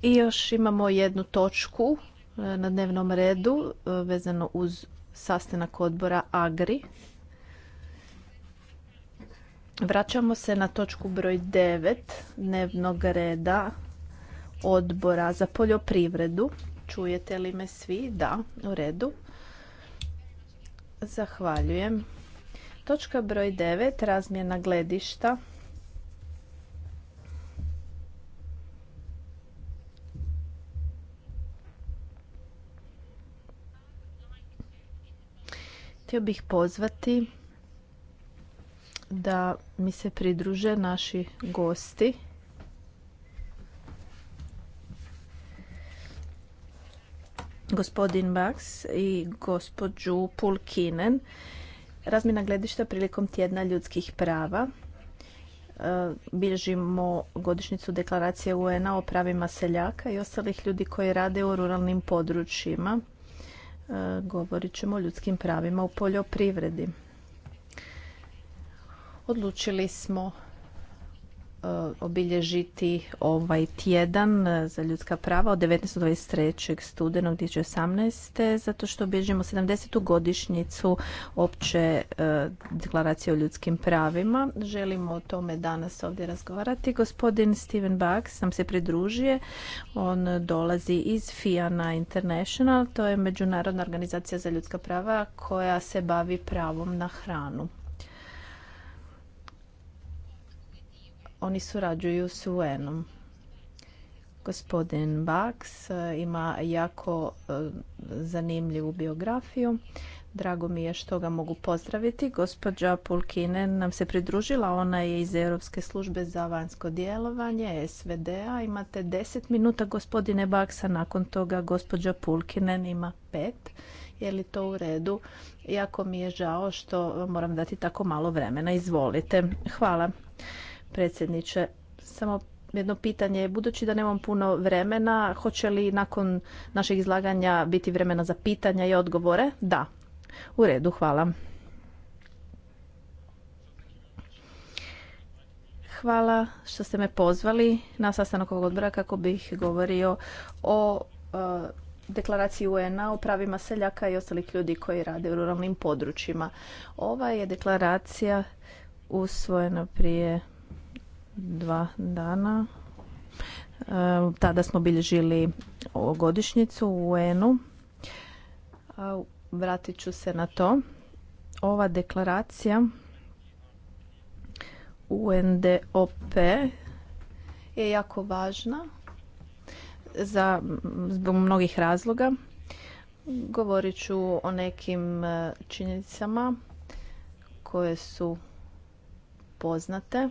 I još imamo jednu točku e, na dnevnom redu e, vezano uz sastanak odbora Agri. Vraćamo se na točku broj 9 dnevnog reda odbora za poljoprivredu. Čujete li me svi? Da, u redu. Zahvaljujem. Točka broj 9, razmjena gledišta htio bih pozvati da mi se pridruže naši gosti. Gospodin Baks i gospođu Pulkinen. Razmjena gledišta prilikom tjedna ljudskih prava. E, bilježimo godišnjicu deklaracije UN-a o pravima seljaka i ostalih ljudi koji rade u ruralnim područjima. E, govorit ćemo o ljudskim pravima u poljoprivredi. Odlučili smo E, obilježiti ovaj tjedan e, za ljudska prava od 19. do studenog 2018. zato što obilježimo 70. godišnjicu opće e, deklaracije o ljudskim pravima. Želimo o tome danas ovdje razgovarati. Gospodin Steven Bax nam se pridružuje. On dolazi iz FIANA International. To je međunarodna organizacija za ljudska prava koja se bavi pravom na hranu. oni surađuju s UN-om. Gospodin Baks e, ima jako e, zanimljivu biografiju. Drago mi je što ga mogu pozdraviti. Gospođa Pulkinen nam se pridružila. Ona je iz Europske službe za vanjsko djelovanje, SVD-a. Imate deset minuta gospodine Baksa, nakon toga gospođa Pulkinen ima pet. Je li to u redu? Jako mi je žao što moram dati tako malo vremena. Izvolite. Hvala predsjedniče. Samo jedno pitanje. Budući da nemam puno vremena, hoće li nakon našeg izlaganja biti vremena za pitanja i odgovore? Da. U redu, hvala. Hvala što ste me pozvali na sastanak ovog odbora kako bih govorio o e, deklaraciji UN-a o pravima seljaka i ostalih ljudi koji rade u ruralnim područjima. Ova je deklaracija usvojena prije dva dana e, tada smo bilježili godišnjicu u UN-u. E, vratit ću se na to. Ova deklaracija UNDOP je jako važna za, zbog mnogih razloga. Govorit ću o nekim e, činjenicama koje su poznate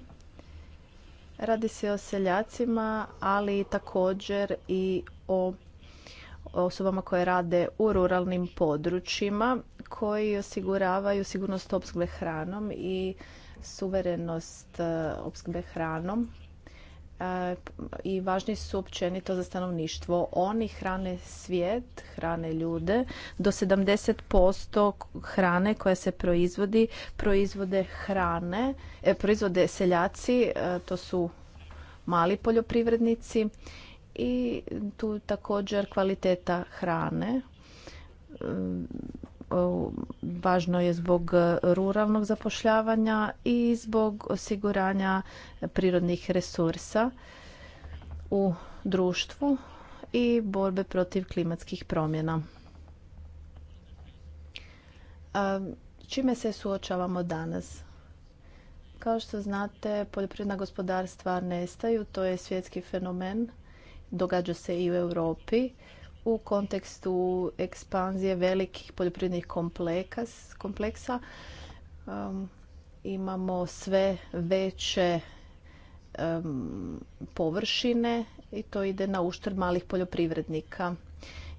Radi se o seljacima, ali također i o osobama koje rade u ruralnim područjima koji osiguravaju sigurnost opskrbe hranom i suverenost e, opskrbe hranom E, i važni su općenito za stanovništvo. Oni hrane svijet, hrane ljude. Do 70% hrane koja se proizvodi, proizvode hrane, e, proizvode seljaci, e, to su mali poljoprivrednici i tu također kvaliteta hrane E, važno je zbog e, ruralnog zapošljavanja i zbog osiguranja prirodnih resursa u društvu i borbe protiv klimatskih promjena. Čime se suočavamo danas? Kao što znate, poljoprivredna gospodarstva nestaju, to je svjetski fenomen, događa se i u Europi u kontekstu ekspanzije velikih poljoprivrednih kompleksa um, imamo sve veće um, površine i to ide na uštrb malih poljoprivrednika.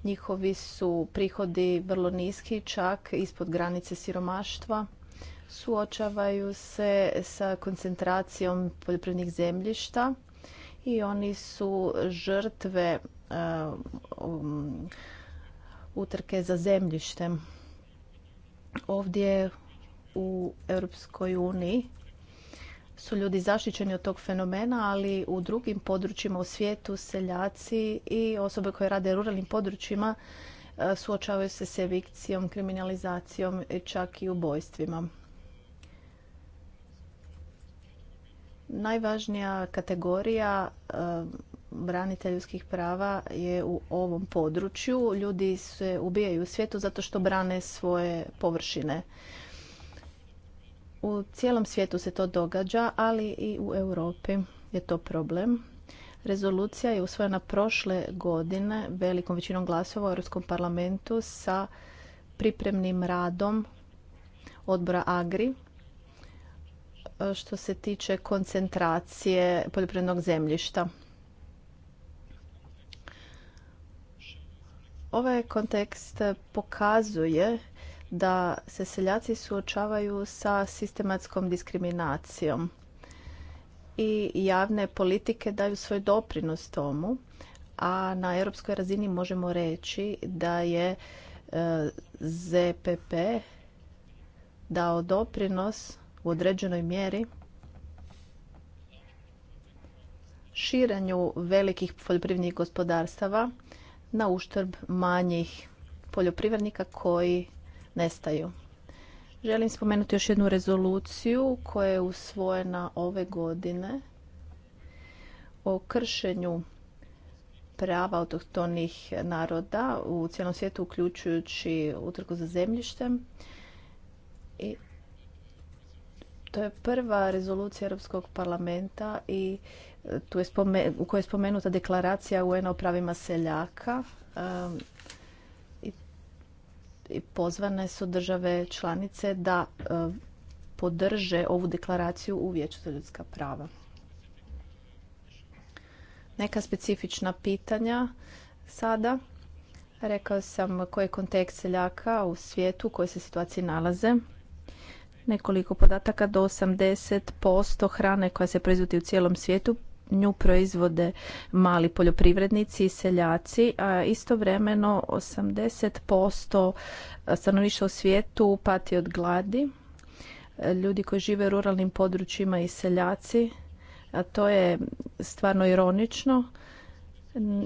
Njihovi su prihodi vrlo niski, čak ispod granice siromaštva. Suočavaju se sa koncentracijom poljoprivrednih zemljišta i oni su žrtve e, um, utrke za zemljištem. Ovdje u Europskoj uniji su ljudi zaštićeni od tog fenomena, ali u drugim područjima u svijetu seljaci i osobe koje rade u ruralnim područjima e, suočavaju se s evikcijom, kriminalizacijom, čak i ubojstvima. Najvažnija kategorija eh, braniteljskih ljudskih prava je u ovom području. Ljudi se ubijaju u svijetu zato što brane svoje površine. U cijelom svijetu se to događa, ali i u Europi je to problem. Rezolucija je usvojena prošle godine velikom većinom glasova u Europskom parlamentu sa pripremnim radom odbora AGRI što se tiče koncentracije poljoprivrednog zemljišta. Ovaj kontekst pokazuje da se seljaci suočavaju sa sistematskom diskriminacijom i javne politike daju svoj doprinos tomu, a na europskoj razini možemo reći da je e, ZPP dao doprinos u određenoj mjeri širenju velikih poljoprivrednih gospodarstava na uštrb manjih poljoprivrednika koji nestaju. Želim spomenuti još jednu rezoluciju koja je usvojena ove godine o kršenju prava autohtonih naroda u cijelom svijetu uključujući utrku za zemljištem i to je prva rezolucija Europskog parlamenta i e, je u kojoj je spomenuta deklaracija UN-a o pravima seljaka i, pozvane su države članice da e, podrže ovu deklaraciju u Vijeću za ljudska prava. Neka specifična pitanja sada. Rekao sam koji je kontekst seljaka u svijetu, u kojoj se situaciji nalaze nekoliko podataka do 80% hrane koja se proizvodi u cijelom svijetu nju proizvode mali poljoprivrednici i seljaci, a istovremeno 80% stanovništva u svijetu pati od gladi. Ljudi koji žive u ruralnim područjima i seljaci, a to je stvarno ironično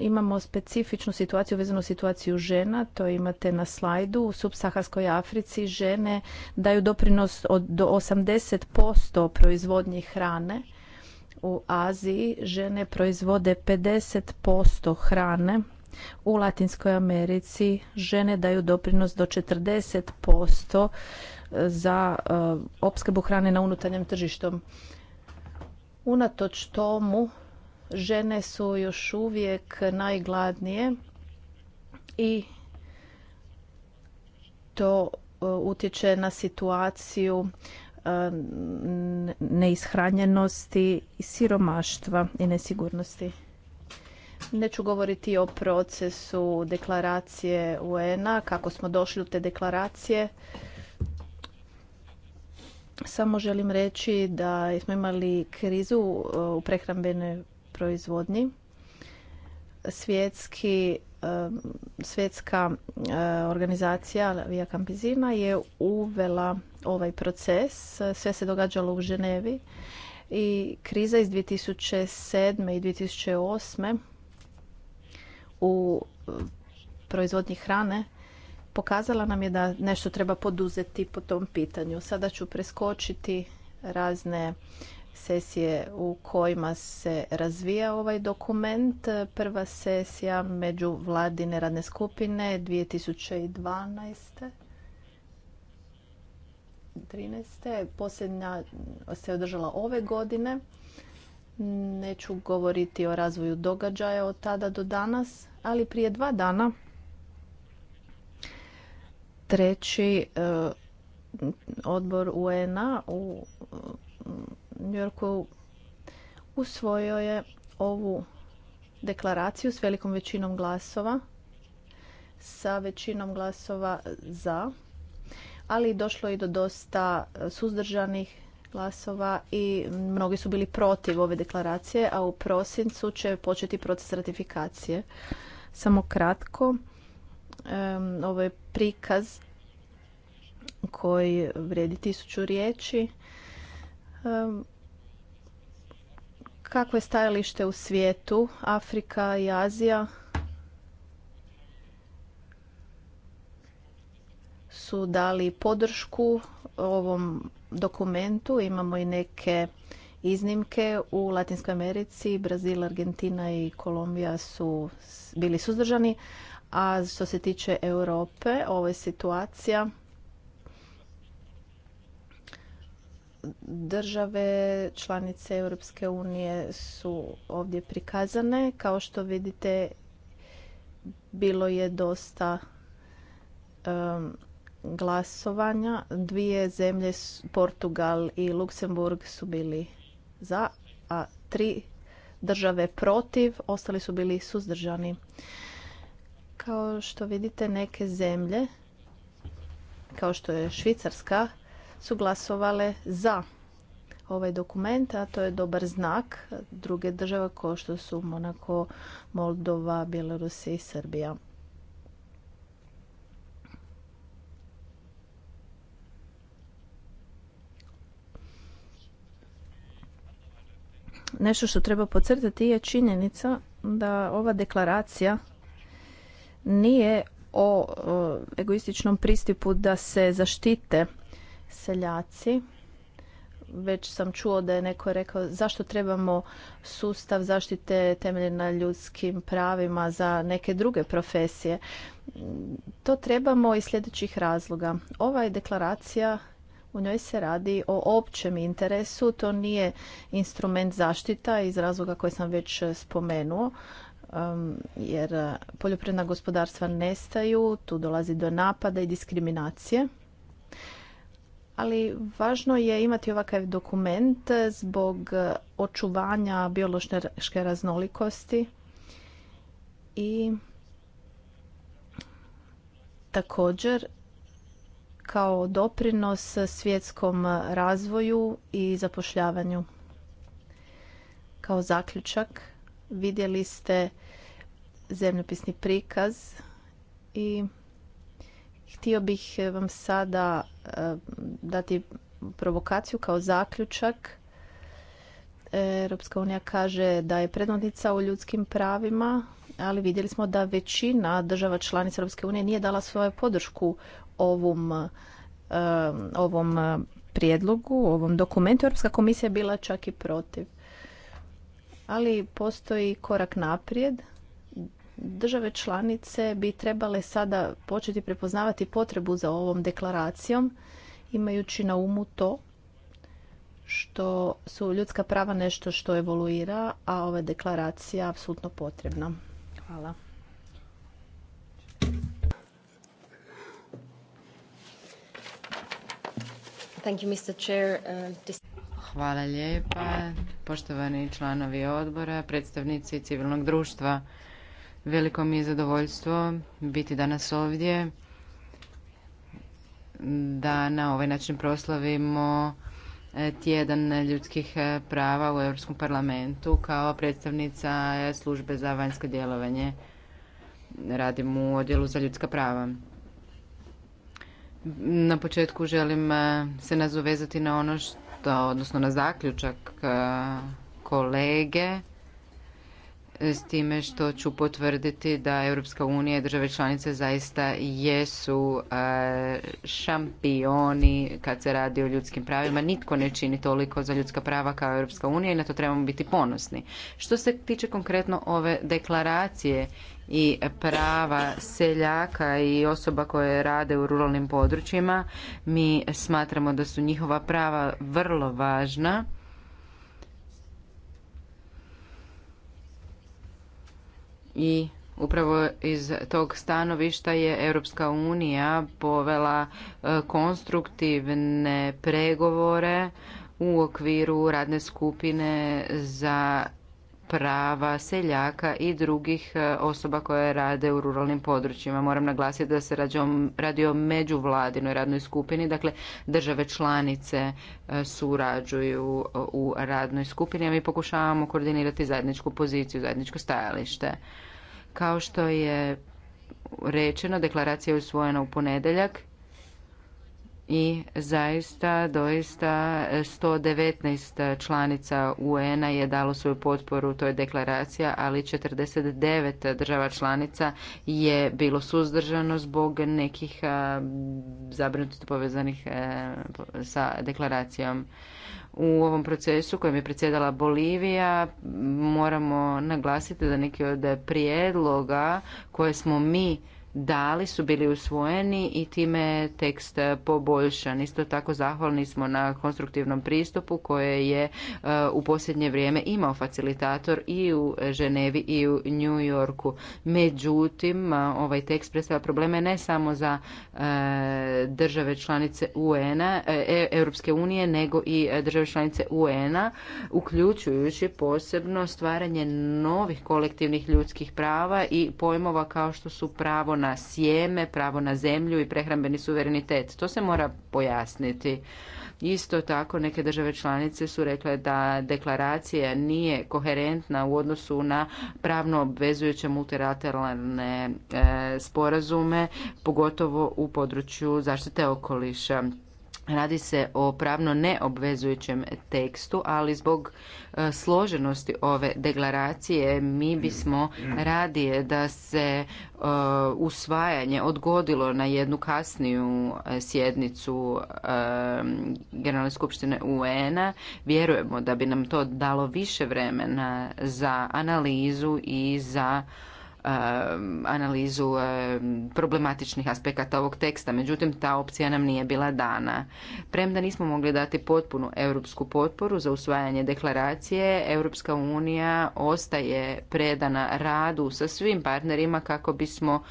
Imamo specifičnu situaciju, vezanu situaciju žena, to imate na slajdu. U subsaharskoj Africi žene daju doprinos od do 80% proizvodnji hrane. U Aziji žene proizvode 50% hrane. U Latinskoj Americi žene daju doprinos do 40% e, za e, opskrbu hrane na unutarnjem tržištu. Unatoč tomu žene su još uvijek najgladnije i to e, utječe na situaciju e, neishranjenosti i siromaštva i nesigurnosti. Neću govoriti o procesu deklaracije un kako smo došli u te deklaracije. Samo želim reći da smo imali krizu e, u prehrambenoj proizvodnji. Svjetski, svjetska e, organizacija Via Campesina je uvela ovaj proces. Sve se događalo u Ženevi i kriza iz 2007. i 2008. u e, proizvodnji hrane pokazala nam je da nešto treba poduzeti po tom pitanju. Sada ću preskočiti razne sesije u kojima se razvija ovaj dokument. Prva sesija među vladine radne skupine 2012. 13. Posljednja se održala ove godine. Neću govoriti o razvoju događaja od tada do danas, ali prije dva dana treći e, odbor una u Yorku usvojio je ovu deklaraciju s velikom većinom glasova, sa većinom glasova za, ali došlo je i do dosta suzdržanih glasova i mnogi su bili protiv ove deklaracije, a u prosincu će početi proces ratifikacije. Samo kratko, ovo je prikaz koji vredi tisuću riječi kako je stajalište u svijetu, Afrika i Azija su dali podršku ovom dokumentu. Imamo i neke iznimke u Latinskoj Americi, Brazil, Argentina i Kolumbija su bili suzdržani, a što se tiče Europe, ovo je situacija države članice Europske unije su ovdje prikazane. Kao što vidite, bilo je dosta um, glasovanja. Dvije zemlje, Portugal i Luksemburg, su bili za, a tri države protiv, ostali su bili suzdržani. Kao što vidite, neke zemlje, kao što je Švicarska, su glasovale za ovaj dokument, a to je dobar znak druge države kao što su Monako, Moldova, Bjelorusija i Srbija. Nešto što treba podcrtati je činjenica da ova deklaracija nije o egoističnom pristupu da se zaštite seljaci. Već sam čuo da je neko rekao zašto trebamo sustav zaštite temeljen na ljudskim pravima za neke druge profesije. To trebamo iz sljedećih razloga. Ova je deklaracija u njoj se radi o općem interesu, to nije instrument zaštita iz razloga koje sam već spomenuo, um, jer poljoprivredna gospodarstva nestaju, tu dolazi do napada i diskriminacije ali važno je imati ovakav dokument zbog e, očuvanja biološke raznolikosti i također kao doprinos svjetskom razvoju i zapošljavanju. Kao zaključak vidjeli ste zemljopisni prikaz i Htio bih eh, vam sada eh, dati provokaciju kao zaključak. Eh, Europska unija kaže da je predvodnica u ljudskim pravima, ali vidjeli smo da većina država članica Europske unije nije dala svoju podršku ovom, ovom prijedlogu, ovom dokumentu. Europska komisija je bila čak i protiv. Ali postoji korak naprijed države članice bi trebale sada početi prepoznavati potrebu za ovom deklaracijom, imajući na umu to što su ljudska prava nešto što evoluira, a ova deklaracija je apsolutno potrebna. Hvala. Thank uh, Hvala lijepa, poštovani članovi odbora, predstavnici civilnog društva. Veliko mi je zadovoljstvo biti danas ovdje da na ovaj način proslavimo e, tjedan ljudskih e, prava u Europskom parlamentu kao predstavnica e, službe za vanjsko djelovanje. Radim u odjelu za ljudska prava. Na početku želim se nazovezati na ono što, odnosno na zaključak kolege s time što ću potvrditi da Europska unija i države članice zaista jesu šampioni kad se radi o ljudskim pravima. Nitko ne čini toliko za ljudska prava kao Europska unija i na to trebamo biti ponosni. Što se tiče konkretno ove deklaracije i prava seljaka i osoba koje rade u ruralnim područjima, mi smatramo da su njihova prava vrlo važna i upravo iz tog stanovišta je Europska unija povela e, konstruktivne pregovore u okviru radne skupine za prava seljaka i drugih e, osoba koje rade u ruralnim područjima. Moram naglasiti da se radi o međuvladinoj radnoj skupini, dakle države članice e, surađuju u radnoj skupini, a mi pokušavamo koordinirati zajedničku poziciju, zajedničko stajalište. Kao što je rečeno, deklaracija je usvojena u ponedeljak i zaista, doista 119 članica UN-a je dalo svoju potporu toj deklaraciji, ali 49 država članica je bilo suzdržano zbog nekih zabrinutosti povezanih e, sa deklaracijom u ovom procesu kojem je predsjedala Bolivija moramo naglasiti da neki od prijedloga koje smo mi dali su bili usvojeni i time tekst poboljšan. Isto tako zahvalni smo na konstruktivnom pristupu koje je e, u posljednje vrijeme imao facilitator i u Ženevi i u New Yorku. Međutim, ovaj tekst predstavlja probleme ne samo za e, države članice UN-a, e, Europske unije, nego i države članice UN-a, uključujući posebno stvaranje novih kolektivnih ljudskih prava i pojmova kao što su pravo na sjeme, pravo na zemlju i prehrambeni suverenitet. To se mora pojasniti. Isto tako neke države članice su rekle da deklaracija nije koherentna u odnosu na pravno obvezujuće multilateralne e, sporazume, pogotovo u području zaštite okoliša. Radi se o pravno neobvezujućem tekstu, ali zbog e, složenosti ove deklaracije mi bismo radije da se e, usvajanje odgodilo na jednu kasniju e, sjednicu Generalne skupštine UN-a. Vjerujemo da bi nam to dalo više vremena za analizu i za Um, analizu um, problematičnih aspekata ovog teksta. Međutim, ta opcija nam nije bila dana. Premda nismo mogli dati potpunu europsku potporu za usvajanje deklaracije, Europska unija ostaje predana radu sa svim partnerima kako bismo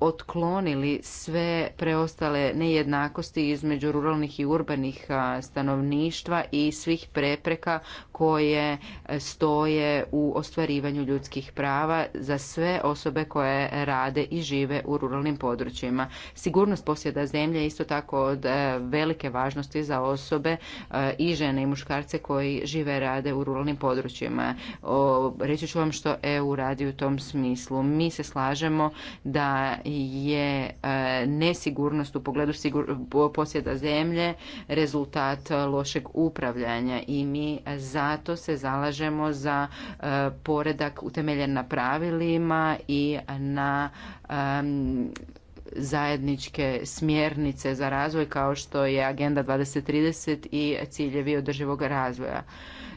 otklonili sve preostale nejednakosti između ruralnih i urbanih stanovništva i svih prepreka koje e, stoje u ostvarivanju ljudskih prava za sve osobe koje rade i žive u ruralnim područjima. Sigurnost posjeda zemlje je isto tako od e, velike važnosti za osobe e, i žene i muškarce koji žive i rade u ruralnim područjima. Reći ću vam što EU radi u tom smislu. Mi se slažemo da je e, nesigurnost u pogledu posjeda zemlje rezultat lošeg upravljanja i mi zato se zalažemo za e, poredak utemeljen na pravilima i na zajedničke smjernice za razvoj kao što je Agenda 2030 i ciljevi održivog razvoja.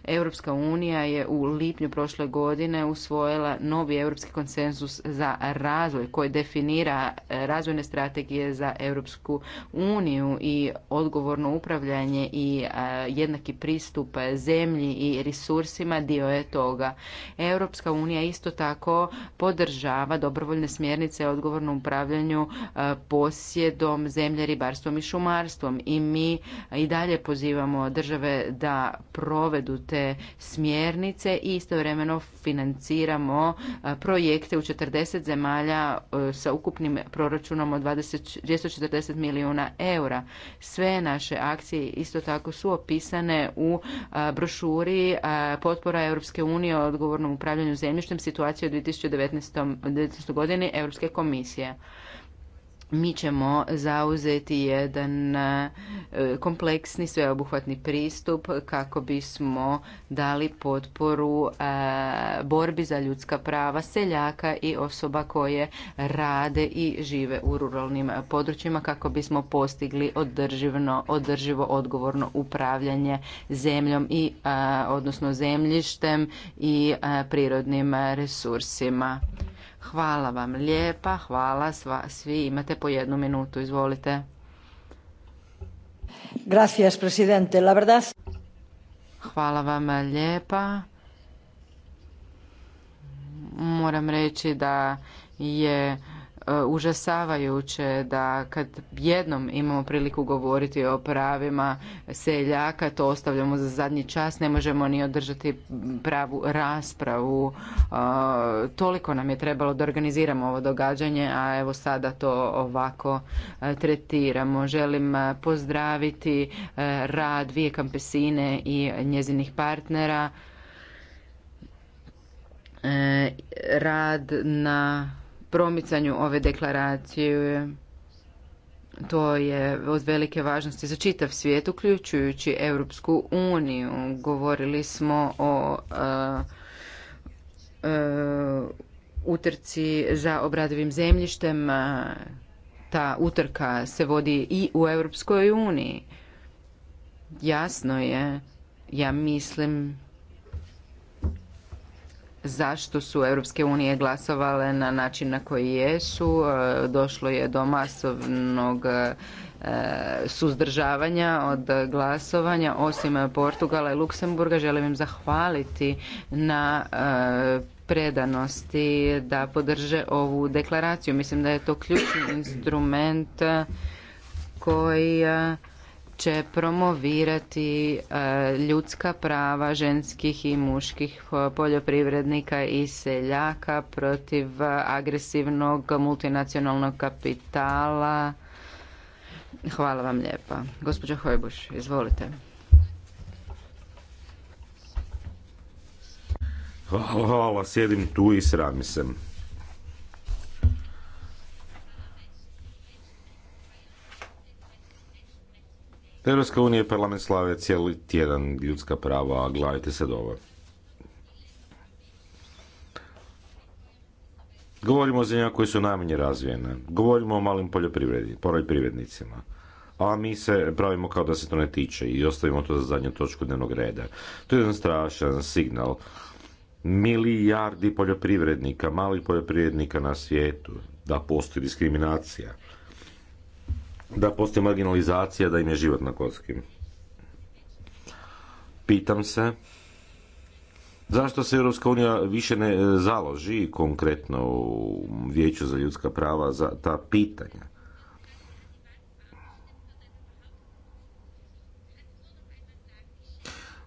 Europska unija je u lipnju prošle godine usvojila novi europski konsenzus za razvoj koji definira e, razvojne strategije za Europsku uniju i odgovorno upravljanje i e, jednaki pristup zemlji i resursima dio je toga. Europska unija isto tako podržava dobrovoljne smjernice odgovornom upravljanju e, posjedom zemlje, ribarstvom i šumarstvom i mi i dalje pozivamo države da provedu te smjernice i istovremeno financiramo projekte u 40 zemalja e, sa ukupnim proračunom od 20, 240 milijuna eura. Sve naše akcije isto tako su opisane u brošuri potpora Europske unije o odgovornom upravljanju zemljištem situacije u 2019. 2019. godini Europske komisije mi ćemo zauzeti jedan e, kompleksni, sveobuhvatni pristup kako bismo dali potporu e, borbi za ljudska prava seljaka i osoba koje rade i žive u ruralnim područjima kako bismo postigli održivno, održivo odgovorno upravljanje zemljom i e, odnosno zemljištem i prirodnim resursima. Hvala vam lijepa, hvala svi. Imate po jednu minutu, izvolite. Gracias, presidente. La verdad... Hvala vam lijepa. Moram reći da je E, užasavajuće da kad jednom imamo priliku govoriti o pravima seljaka, to ostavljamo za zadnji čas, ne možemo ni održati pravu raspravu. E, toliko nam je trebalo da organiziramo ovo događanje, a evo sada to ovako e, tretiramo. Želim pozdraviti rad dvije kampesine i njezinih partnera rad na promicanju ove deklaracije. To je od velike važnosti za čitav svijet, uključujući Europsku uniju. Govorili smo o utrci za obradovim zemljištem. Ta utrka se vodi i u Europskoj uniji. Jasno je, ja mislim zašto su Europske unije glasovale na način na koji jesu. E, došlo je do masovnog e, suzdržavanja od glasovanja osim Portugala i Luksemburga. Želim im zahvaliti na e, predanosti da podrže ovu deklaraciju. Mislim da je to ključni instrument koji će promovirati e, ljudska prava ženskih i muških e, poljoprivrednika i seljaka protiv e, agresivnog multinacionalnog kapitala. Hvala vam lijepa. gospođo Hojbuš, izvolite. Hvala, hvala, sjedim tu i srami se. Europska unija i parlament slave cijeli tjedan ljudska prava, a gledajte se ovo Govorimo o zemljama koje su najmanje razvijene. Govorimo o malim poljoprivrednicima. A mi se pravimo kao da se to ne tiče i ostavimo to za zadnju točku dnevnog reda. To je jedan strašan signal. Milijardi poljoprivrednika, malih poljoprivrednika na svijetu, da postoji diskriminacija da postoji marginalizacija, da im je život na kocki. Pitam se, zašto se Europska unija više ne e, založi konkretno u Vijeću za ljudska prava za ta pitanja?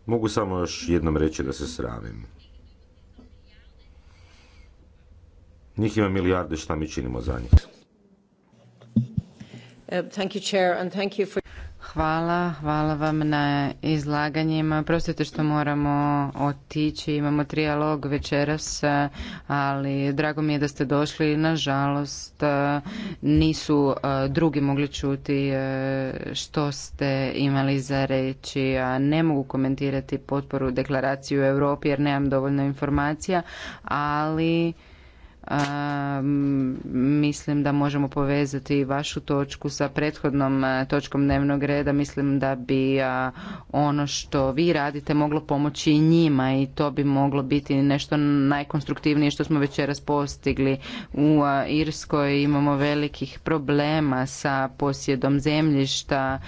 Mogu samo još jednom reći da se sravim. Njih ima milijarde šta mi činimo za njih. Uh, hvala, hvala vam na izlaganjima. Prostite što moramo otići, imamo trijalog večeras, ali drago mi je da ste došli. Nažalost, nisu uh, drugi mogli čuti uh, što ste imali za reći. a Ne mogu komentirati potporu deklaraciju u Europi jer nemam dovoljno informacija, ali mislim da možemo povezati vašu točku sa prethodnom e, točkom dnevnog reda. Mislim da bi ono što vi radite moglo pomoći i njima i to bi moglo biti nešto najkonstruktivnije što smo večeras postigli. U Irskoj imamo velikih problema sa posjedom zemljišta.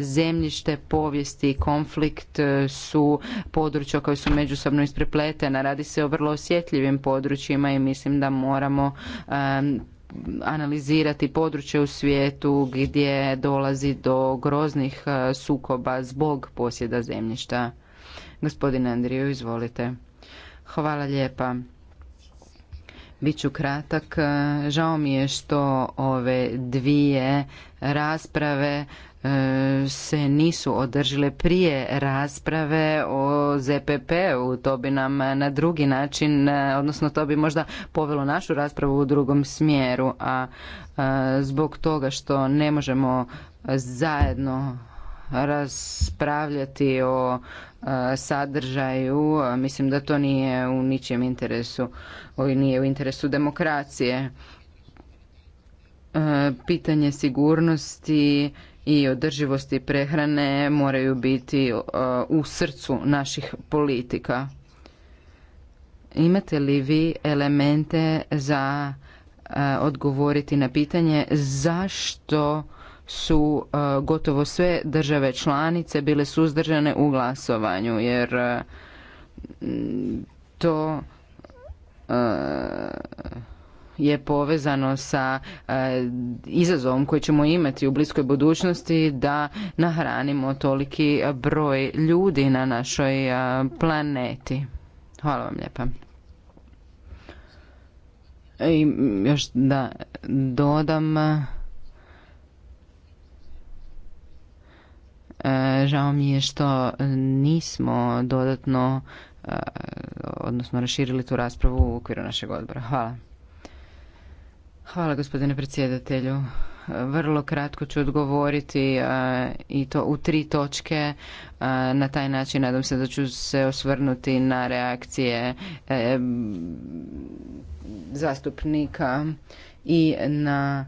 Zemljište, povijesti i konflikt e, su područja koja su međusobno isprepletena. Radi se o vrlo osjetljivim područjima i mislim da moramo analizirati područje u svijetu gdje dolazi do groznih e, sukoba zbog posjeda zemljišta. Gospodine Andriju, izvolite. Hvala lijepa. Biću kratak. E, žao mi je što ove dvije rasprave se nisu održile prije rasprave o ZPP-u. To bi nam na drugi način, odnosno to bi možda povelo našu raspravu u drugom smjeru, a zbog toga što ne možemo zajedno raspravljati o sadržaju, mislim da to nije u ničem interesu, nije u interesu demokracije. E, pitanje sigurnosti i održivosti prehrane moraju biti e, u srcu naših politika. Imate li vi elemente za e, odgovoriti na pitanje zašto su e, gotovo sve države članice bile suzdržane u glasovanju jer to je povezano sa e, izazovom koji ćemo imati u bliskoj budućnosti da nahranimo toliki broj ljudi na našoj e, planeti. Hvala vam lijepa. E, još da dodam žao mi je što nismo dodatno odnosno raširili tu raspravu u okviru našeg odbora. Hvala. Hvala gospodine predsjedatelju. Vrlo kratko ću odgovoriti i to u tri točke. Na taj način nadam se da ću se osvrnuti na reakcije e, zastupnika i na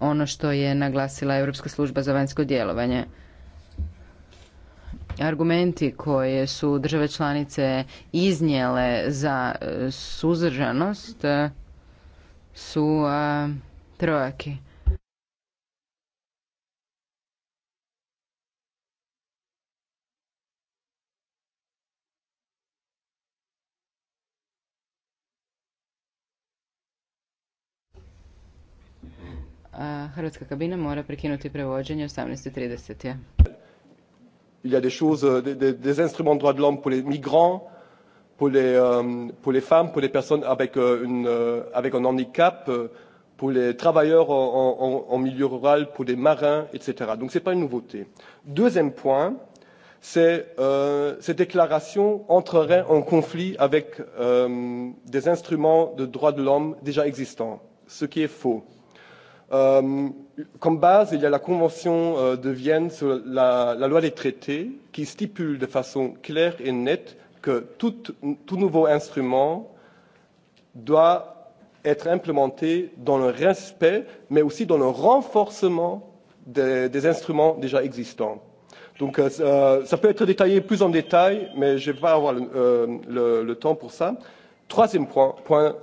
ono što je naglasila Europska služba za vanjsko djelovanje. Argumenti koje su države članice iznijele za e, suzdržanost su a, trojaki. A, Hrvatska kabina mora prekinuti prevođenje 18.30. Il y a des choses, des, des, instruments de droit de l'homme pour les migrants, pour les, euh, pour les femmes, pour les personnes avec, euh, une, euh, avec un handicap, euh, pour les travailleurs en, en, en milieu rural, pour les marins, etc. Donc ce n'est pas une nouveauté. Deuxième point, c'est euh, ces déclarations entreraient en conflit avec euh, des instruments de droits de l'homme déjà existants, ce qui est faux. Euh, comme base, il y a la Convention euh, de Vienne sur la, la loi des traités qui stipule de façon claire et nette que tout, tout nouveau instrument doit être implémenté dans le respect, mais aussi dans le renforcement des, des instruments déjà existants. Donc euh, euh, ça peut être détaillé plus en détail, mais je vais pas avoir le, euh, le, le temps pour ça. Troisième point, point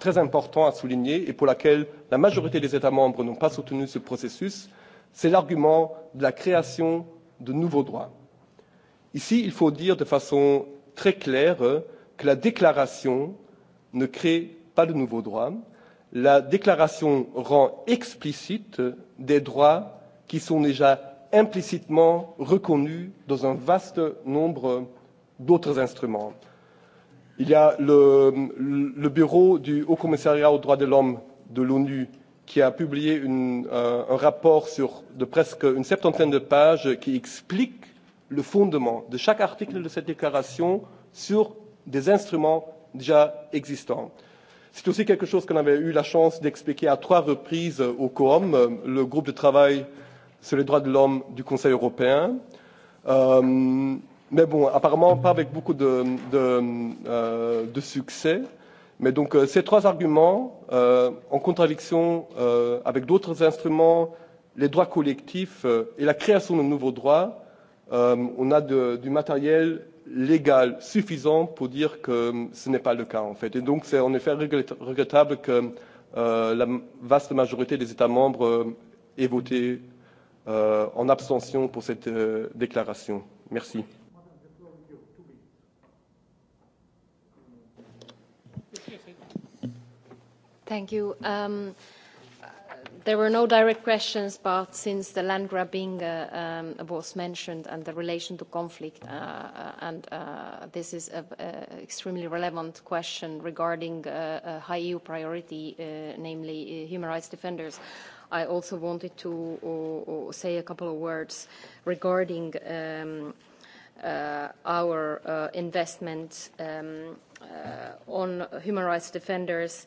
très important à souligner et pour laquelle la majorité des États membres n'ont pas soutenu ce processus, c'est l'argument de la création de nouveaux droits. Ici, il faut dire de façon très clair euh, que la déclaration ne crée pas de nouveaux droits. La déclaration rend explicite euh, des droits qui sont déjà implicitement reconnus dans un vaste nombre d'autres instruments. Il y a le, le bureau du Haut Commissariat aux droits de l'homme de l'ONU qui a publié une, euh, un rapport sur de presque une septantaine de pages qui explique le fondement de chaque article de cette déclaration sur des instruments déjà existants. C'est aussi quelque chose qu'on avait eu la chance d'expliquer à trois reprises au COM, le groupe de travail sur les droits de l'homme du Conseil européen. Euh, mais bon, apparemment pas avec beaucoup de, de, euh, de succès. Mais donc euh, ces trois arguments, euh, en contradiction euh, avec d'autres instruments, les droits collectifs euh, et la création de nouveaux droits, euh, on a de, du matériel légal suffisant pour dire que euh, ce n'est pas le cas en fait. Et donc c'est en effet regrettable que euh, la vaste majorité des États membres euh, aient voté euh, en abstention pour cette euh, déclaration. Merci. Thank you. Um, There were no direct questions, but since the land grabbing uh, um, was mentioned and the relation to conflict, uh, uh and uh, this is an extremely relevant question regarding uh, a high EU priority, uh, namely human rights defenders, I also wanted to say a couple of words regarding um, Uh, our uh, investment um, uh, on human rights defenders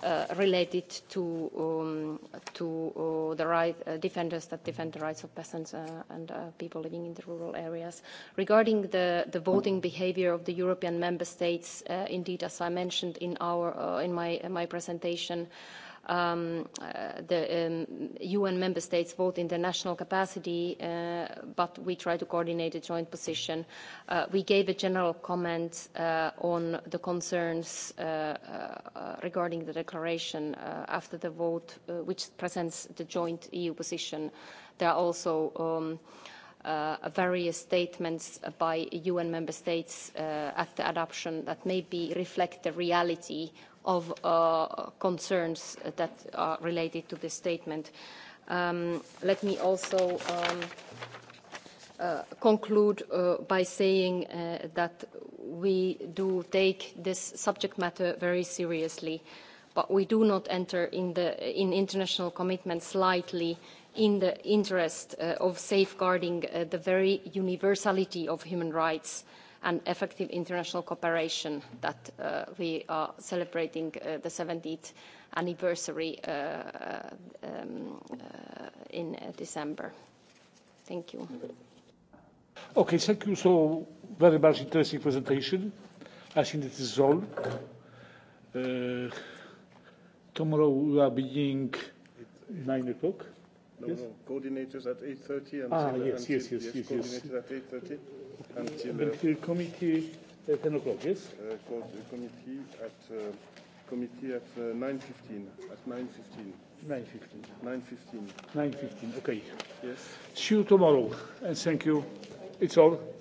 Uh, related to, um, to uh, the right uh, defenders that defend the rights of peasants and people living in the rural areas. Regarding the, the voting behavior of the European member states, indeed, as I mentioned in, our, in my, in my presentation, um, uh, the um, UN member states vote in their national capacity, uh, but we try to coordinate a joint position. Uh, we gave a general comment on the concerns regarding the declaration after the vote, which presents the joint EU position. There are also um, various statements by UN member states at the adoption that maybe reflect the reality of uh, concerns that are related to this statement. Um, let me also um, uh, conclude uh, by saying uh, that we do take this subject matter very seriously, but we do not enter in, the, in international commitments lightly in the interest of safeguarding the very universality of human rights and effective international cooperation that uh, we are celebrating uh, the 70th anniversary uh, um, uh in uh, December. Thank you. Okay, thank you so very much interesting presentation. I think this is all. uh tomorrow we are beginning nine o'clock. No, yes? no, coordinators at 8.30. Ah, yes, yes, yes, yes, yes. Coordinators yes. at 8.30. Uh, the committee at 10 o'clock, yes? Uh, for committee at committee uh, at 9.15. At 9.15. 9.15. 9.15. 9.15, okay. Yes. See you tomorrow, and thank you. It's all.